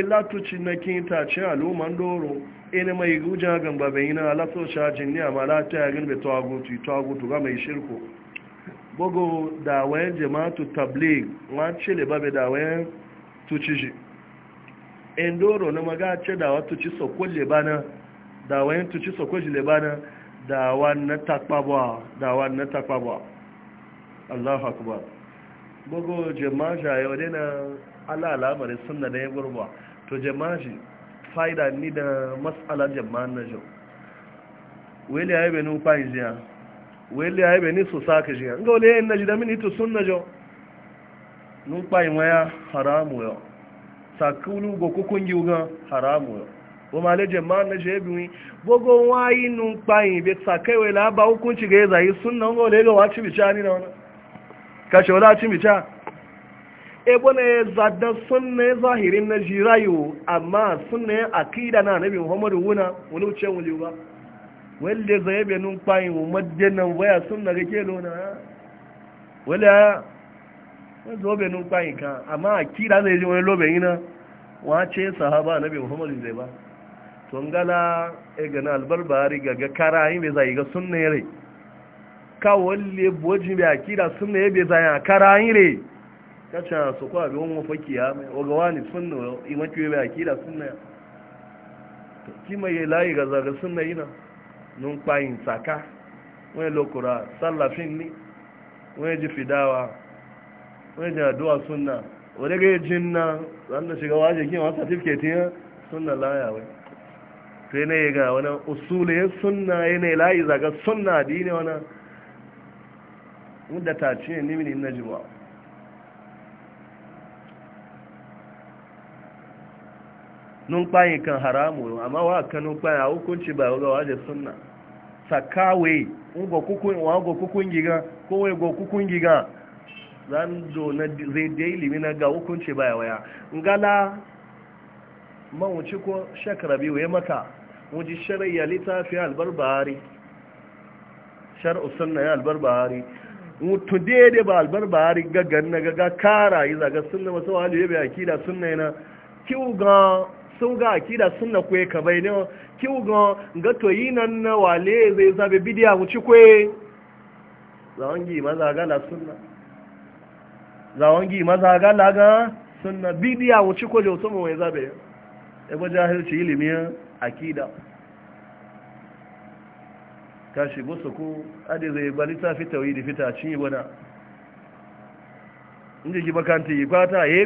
na kinta tacin al'umman doro ina mai guja gamba bai yana alasosha jinni a malata ya gilbe tawagutu tawagutu ga mai shirku bugu da wayan jama'atu tablig wace da babe da wayan tuciji indoro na magace da wata ci sokon lebana da wayan tuci sokon lebana da wannan takpabuwa da wannan takpabuwa allahu akbar bugu jama'a ya wadina ala alamarin suna da ya gurba to jama'i fa'ida ni da matsala jama'an na jau wele ya yi benin fa'i jiya wele ya yi benin su sa ka jiya ga wale ya yi na da mini to sunna jau nun fa'in waya haramu yau sakulu go kukun yi haramu yau ma le jama'an na jau biyu gogon wayi nun bi bai wela laba hukunci ga ya zayi sunna ga wale ga waci bica ni na wani kashe wala ci bica ebo ne zadda sunne zahirin na jirayu amma sunne akida na nabi muhammadu wuna wani wuce wuli ba wanda zai bai numfayin wa nan waya sunna ga ke lona wala wanda zai bai numfayin ka amma akida zai ji wani lobe na wace sahaba nabi muhammadu zai ba tun gala egana albarbari ga ga yi mai zai ga sunne rai kawo wale bojin bai akida sunne bai zai a karayi rai kacha su kwa mafaki ya mai ogawa ne sunna imakiwe bai akida sunna ya kima mai layi ga zaga sunna na? nun kwayin tsaka wani lokura sallafin ni wani ji fidawa wani ji addu'a sunna wani ga yi jinna wanda shiga waje kima wasa tifke tiya sunna laya wai sai na yi ga wani usuliyar sunna yana layi zaga sunna dini wani wadda ta ce ne mini na jiwa numfayin kan haramu amma wa kan numfayin a hukunci ba ga waje sunna sakawe ngo wa ngo giga ko wai giga zan do na zai daily mina ga hukunci ba waya ngala man wuce ko biyu ya maka wuji shari'a litafi al-barbari shar'u sunna ya albarbari barbari mutu daidai ba albarbari gaggan na gaga kara yi zaga sunna masu wali ya bi akida sunna yana kiwu ga sun ga akida sunna kwe ka bai ne ki ga ga yi nan na wale zai zabe bidiya mu ci kwe zawangi maza ga la zawangi maza ga ga sunna bidiya mu ci kwe zabe jahilci ilimin akida kashi busu ku adi zai bali fita wi di fita cin yi inda ki bakanti yi ya yi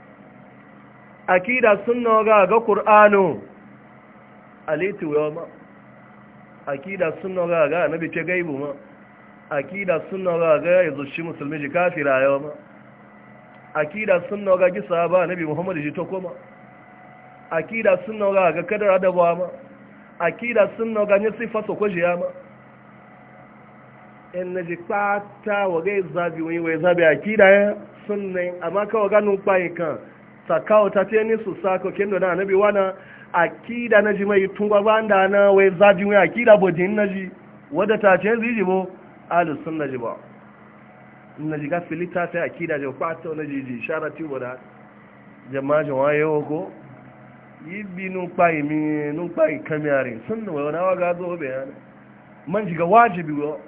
akida sunna ga ga qur'ano alitu yoma akida sunna ga ga nabi ce gaibu ma akida sunna ga ga yanzu shi musulmi ji kafira yoma akida sunna ga gi sahaba nabi muhammad ji to koma akida sunna ga ga kadar adawa ma akida sunna ga ni sifa so ko jiyama in naji pata wa ga zabi wani wai zabi akida sunna amma ka wa ganu pai kan Ta ni su sako kendo na nabi wana akida na mai itungwa banda na wai zaji mai akida na ji. Wadda ta ce zai ji bo alu ji ba naji ji filita ta akida je kwata na jiji isharati wada jama'a jama'a yi bi nun pa imi nun pa sun sunna wani na ga zo ya yana man ga wajibi go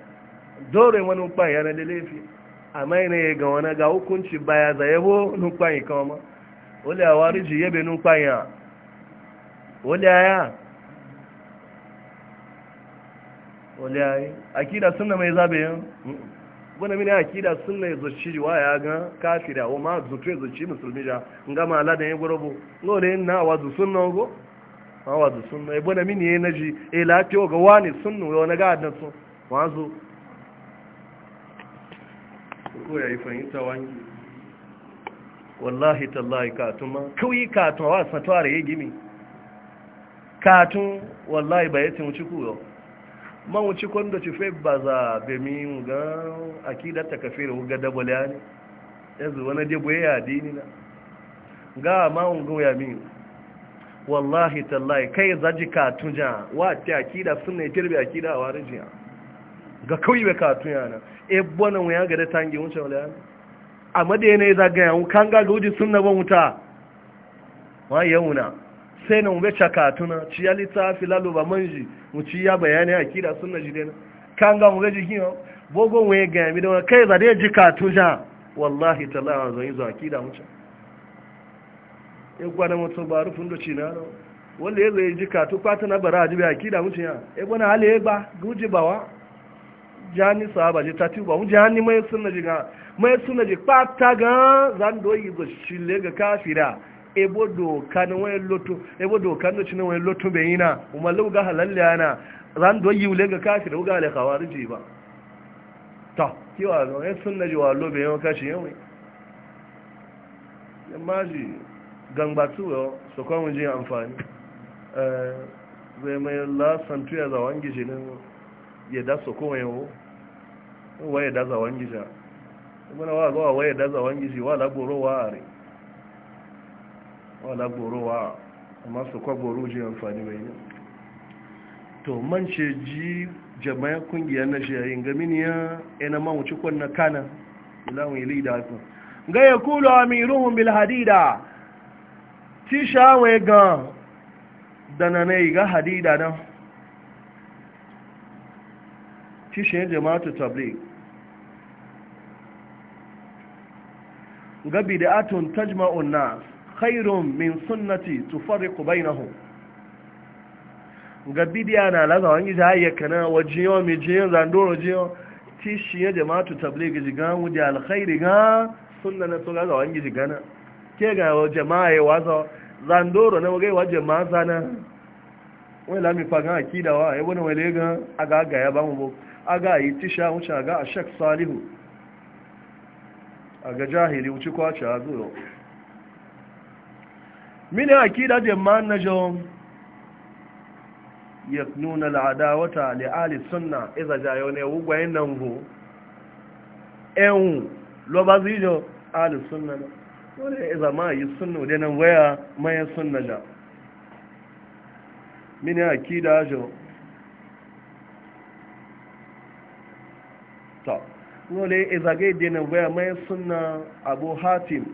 dore wani ya yana da laifi amma ne ga wani ga hukunci baya zayebo nun kama ikama wole awariji yebe n'ukpa ya wole aya wole aya akida sunna mai zabe yan wani mini akida sunna ya zoci wa ya ga kafira wa ma zutu ya zoci musulmi ja nga ma ala da ya gwarabu no da yin na wazu sunna ogo ma wazu sunna ebo na mini ya naji e lafiya ga wani wa na ga adnan sun wazo ko ya yi fahimta wallahi tallahi katun ma kawai katun wa sa tawara ya gimi katun wallahi ba yatin wuci kuyo ma wuci kwanda ci fe ba za be mi ga akidar ta kafir ga dabala ne yanzu wani dai boye addini na ga ma ungo ya mi wallahi tallahi kai zaji katun ja wa ta akida sunne tirbi akida jiya. ga kawai be katun yana e bona mu ya ga da tangi wuce wala a madina ya zagaya wukan gaga wuji sun na ban wuta ma yawuna sai na umbe cakatuna ci ya littafi laluba manji mu ci ya bayani a kira sun na jide na kan ga umbe jikin yau bogon waye gaya mi da wani kai zade ji katuja wallahi talawa zan yi zuwa kira mucin ya gwada mutu ba rufin da ci na nan wanda ya zai ji katu kwata na bara a jibi a kira mucin ya ebe na hali ya ba guji bawa jani sahaba je tati ba mu jani mai sunna je ga mai sunna je pata ga zan do yi go shille ga kafira ebo do kan wai lotu ebo do kan do cinan wai lotu be yina umallu ga halalle na zan do yi ule ga kafira ga le khawariji ba ta kiwa no mai sunna je wa lobe yau kashi yau maji gangbatu yau so kwa je amfani eh zai mai lasantu ya zawon gijinin ya da su kowai yau waye daza wangija muna wa gawa waye daza wangiji wala goro wa are wala goro wa amma su kwa goro ji amfani mai ne to man ce ji jama'a kungiyar na shayayin gaminiya ina man wuce kwanna kana ilahun ili da haka ga ya kulu amiruhun bil hadida ti shawai ga dananai ga hadida nan ti shayin jama'atu tabligh ga atun tajma'un nas khairun min sunnati tufarriqu bainahum ga bid'a na la zawan gija hayya kana wajiyo mi jiyo zandoro jiyo tishi ya jama'atu tabligh jiga mu da alkhairi ga sunna na ga zawan gija gana ke ga jama'a ya wazo zandoro na wagai waje jama'a sana wai la mi faga akida wa ai e wani wale ga aga ga ya ba mu aga yi tisha wuce aga ashak salihu a ga jahili wuce kwace a zuro mini akida jama'an na jo ya nuna al'adawata da ali sunna iza jayo ne wugwayen nan go ehun lo ba zijo ali sunna na ne iza ma yi sunna da nan waya maye sunna da mini akida jo top nole izage dina waya mai sunna abu hatim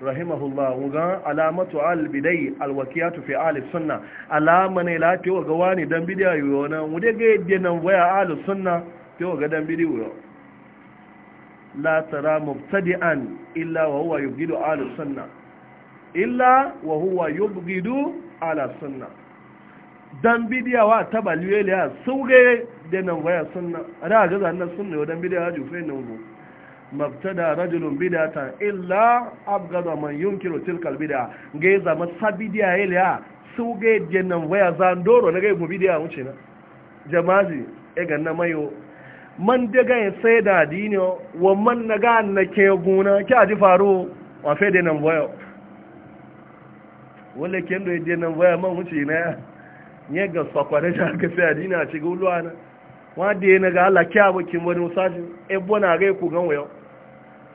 rahimahullah wuga alamatu albidai alwakiyatu fi ali sunna alama ne la to ga wani dan bidiya yo na wude ga dina waya ahli sunna to ga dan bidiya yo la tara mubtadi'an illa wa huwa yubghidu ahli sunna illa wa huwa yubghidu ala sunna dan wa ta sun sauge da nan waya sunna a da zan nan sunna yau dan ha jufe nan go mabtada rajulun bidata illa abgaza man yunkiru tilkal bid'a ga zama sabidiya sun sauge da nan waya zan doro na ga mu bidiya wuce na jama'i e ganna mayo man da ga sai da dino wa man na ga na ke guna kya ji faro wa fe da nan waya wala kendo da nan waya man wuce na nye ga sakware shi aka fi adini a cikin uluwa na wadda ya naga ala kya bakin wani musashi ebo na gai ku gan wayo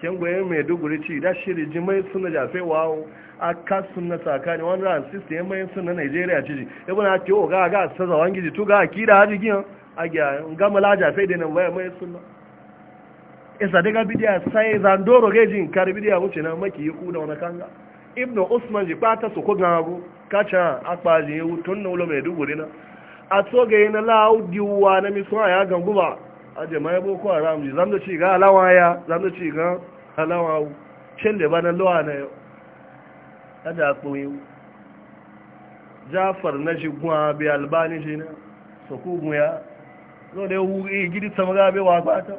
kin gwaye mai duguri ci da shiri ji mai suna jafe wawo a ka suna tsakani wani ran sista ya mai suna nigeria ciji ebo na ke oga ga saza wangiji to ga akida haji gina a gya gama la jafe da nan baya mai suna isa daga bidiya sai zandoro gejin kar bidiya wuce na e maki yi ku wani kanga ibnu usman ji kwata su ko gan kacha akpaji ewu tun na ulo mai dubu dina a tsoga yi na la'au diwa na misuwa ya gangu ba a jama'a boko haram ji zan da ci ga alawa ya zan da ci ga alawa cin da bana na lowa na yau a da akpoyi jafar na shi gwa bi albani shi na sokogun ya zo da yau gidi sama ga bai wa ba ta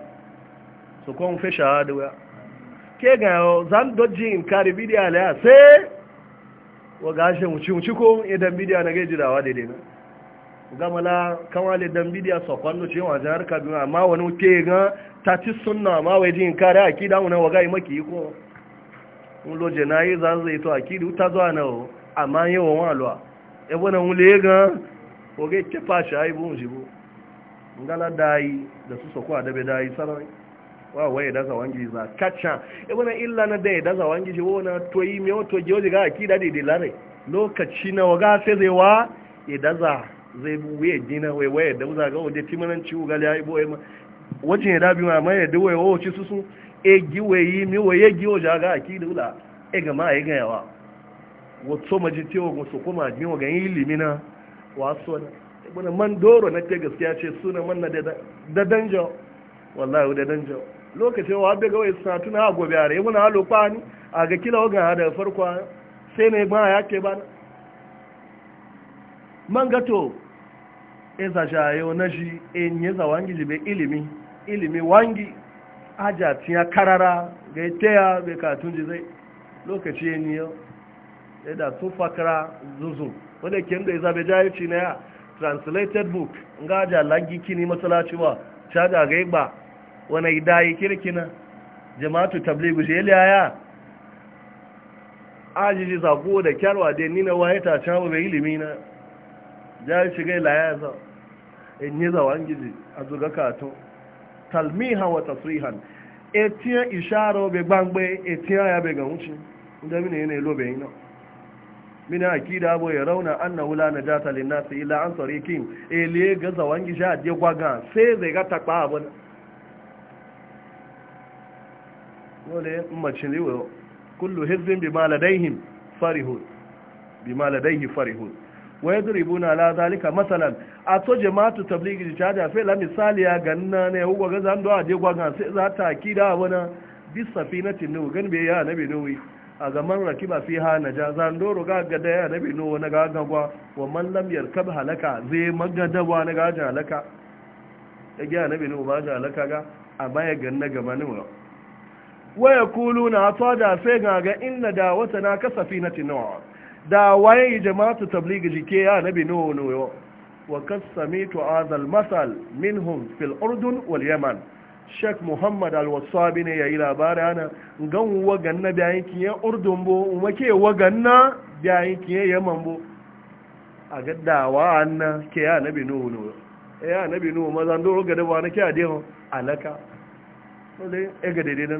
sokon fi shahada ya ke ga zan dojin karibi da alaya sai wa gashe wuce-wuce ko e dan bidiya na gaji dawa daidai na gamala kawale dan bidiya so kwano ce wa jihar Kaduna amma wani ke ga ta ci sunna ma wai din kare akida mun wa gai maki ko mun lo jenayi zan zai to akidi ta zuwa na amma wa walwa e bona mun le ga o ge tepa shaibu jibu ngala dai da su so ko da dai sarai wa waye da wangi za kacha e wana illa na da da wangi shi wona to yi me to je ga akida de de lare lokaci na waga sai zai wa e da za zai buye dina wai wai da za ga waje timanan ciwo ga ya ibo e ma waje e da bi ma mai e da wai wo ci susu e gi yi mi waye gi o ja ga akida ula e ga ma e ga yawa wato majiti o go so kuma mi o ga ilimi na waso na e na te gaskiya ce suna man na da danjo wallahi da danjo lokacin wa bai gawai suna tuna a gobe a rai muna halo kwani a ga kila wagan da farko sai ne ba ya ke ba man gato esa shayo na shi in yi za wangi jibe ilimi ilimi wangi aja tiya karara ga teya bai katun ji zai lokaci ya niyo ya e da su fakara zuzu wadda ke da isa bai jayi na ya translated book nga aja langi kini masalaci ba caja ga igba wani dayi kirkina jama'atu tabligu shi yaya ajiji sako da kyarwa da nina waye ta can bai ilimi na ja shiga laya za in yi zawan gizi a zuga kato talmiha wa tasrihan etiyan isharo be gbangbe etiyan ya be gamuci da mini yana ilo bai na mini akida abu ya rauna an na wula na jata linnasi ila an tsarikin ele ga zawan gizi a je gwaga sai zai ga takpa abu wale macin riwa kullu hizbin bi maladaihim farihun bi maladaihi farihun wa yadribuna ala zalika masalan a to jama'atu tablighi ta jada fe la misali ya ganna ne huwa ga zan do aje gwa gan sai za ta kida wana bi safinati nu gan be ya nabi nuwi a gaman rakiba fi ha naja zan do roga ga da ya nabi nuwa na ga gwa wa man lam yarkab halaka zai magada wa na ga halaka ya ga nabi nuwa ba halaka ga a baya ganna gaba nuwa waya kulu na ta da sai gaga inna da wata na kasafi na tinawa da waye jama'atu tabligi jike ya nabi nuhu yo wa kasami to azal masal minhum fil urdun wal yaman shek muhammad al-wasabi ne yayi labari ana gan wagan na yake ya urdun bo umake ganna na yake ya yaman bo a gaddawa anna ke ya nabi nuhu nuhu ya nabi nuhu mazan doro gada ba na ke adewa alaka sai ga daidai na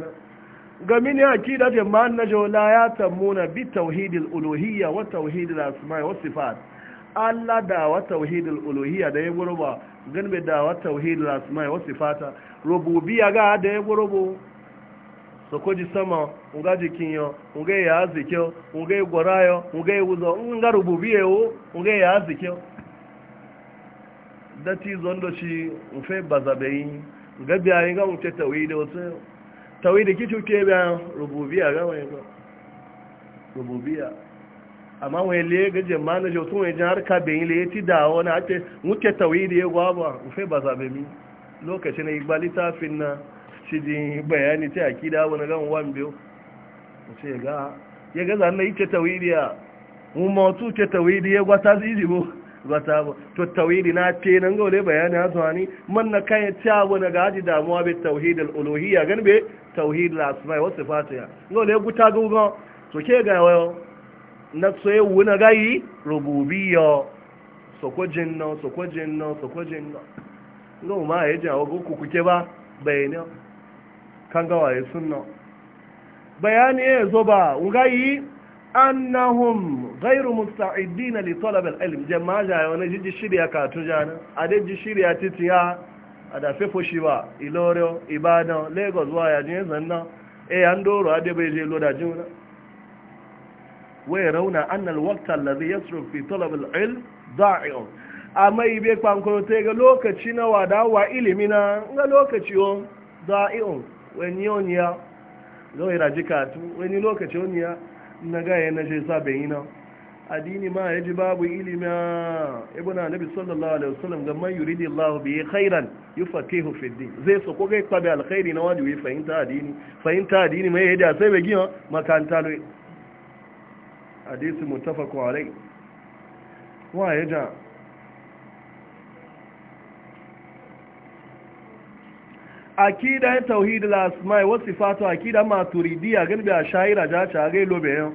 gami ne da ce ma'an na jola ya tammuna bi tauhidil uluhiyya wa tauhidil asma'i wa sifat Allah da wa tauhidil uluhiyya da ya gurba ganbe da wa tauhidil asma'i wa sifata rububiyya ga da ya gurbo sokoji sama nga jikinyo nga ya azikyo nga igwarayo nga iwuzo nga rububiyya wo nga ya azike dati zondo shi mfe bazabeyi nga biyayi nga muteta wide wasu da kitu biya rububiya ga wani ba rububiya amma wani le ga jama'a jo tun wajen harka bayin le ti da wani ake muke tawhidi ya gwaba ufe ba zaɓe mi lokacin na igbali littafin na shi ji bayani ta akida wani gan wan biyo ce ga ya ga zanna ite ya mu ma tu ke tawhidi ya gwata zibo gwata ba to tawhidi na ce nan ga bayani ha zuwa ni man na kai ta wani gaji damuwa bi tauhidul uluhiyya gan be tauhid la asma wa sifatiha ngo le guta gugo to ke ga wayo na tsoye wuna gayi rububiyya soko jinno soko jinno soko jinno ngo ma ya jawo ku kuke ba bayani kan ga waye sunna bayani ya zo ba ngayi annahum ghairu musta'idin li talab al-ilm jama'a ya na jiji shirya ka tujana ade jiji shirya titiya adafe foshiwa ilorio ibadan lagos waya jin zanna e an doro ade bai je loda juna wai rauna annal waqta alladhi yasruf fi talab al-ilm da'i'un amma ibe kwankoro te ga lokaci na wada wa ilimi na nga lokaci o da'i'un wani yoniya ga wai rajikatu wani lokaci yoniya na ga yana je sa bayina addini ma ya ji babu ilimi na nabi sallallahu alaihi wasallam ga man yuridi Allah bi khairan yufaqihu fi din zai so ko kai kwabi alkhairi na yi fahimta addini fahimta addini mai yadda sai bai gina makanta ne hadisi muttafaqu alai wa ya ja akida tauhid al asma wa sifatu akida maturidiya galbi shaira ja ta gai lobe yau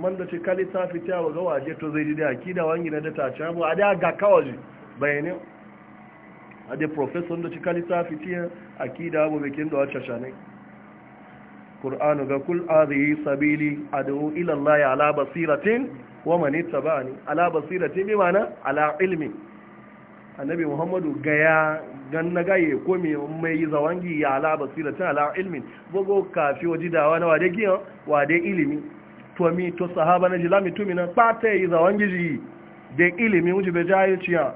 man da cika littafi ta wa ga waje to zai da aki da wangi na da ta ci abu a da ga kawai bayanin a da profesor da cika littafi ta aki da abu bikin da wacce shane Kur'anu ga kul azihi sabili ad'u ila ya ala basiratin wa taba ni. ala basiratin bi mana ala ilmi annabi muhammadu gaya gan na gaye ko me mai zawangi ya ala basiratin ala ilmi bogo kafi wajidawa na wade giyan wade ilimi to to sahaba na jila mi tumi na pata e yi zawon giji da ilimi wuce bai jaye ciya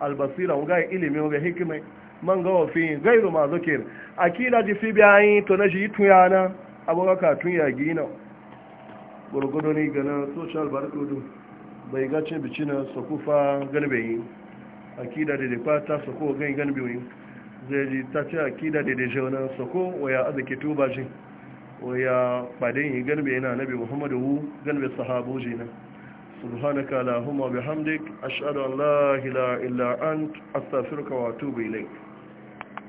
albasira wuga e ilimi wuga e hikima man ga wafin gairu ma zokir akida ji fi bayan to na shi tuyana abubakar tun ya gina gwargwado ne gana social barcode bai gace bici na sakufa a akida da da fata sako gani yi, zai ji ta ce a akida da da jauna sako waya arziki tuba shi waya ɓadin yi ganbe yana nabi muhammadu hu ganbe sahaboji na subhanaka lahumma bihamdik ashhadu an la ilaha illa ant astaghfiruka wa atubu ilayk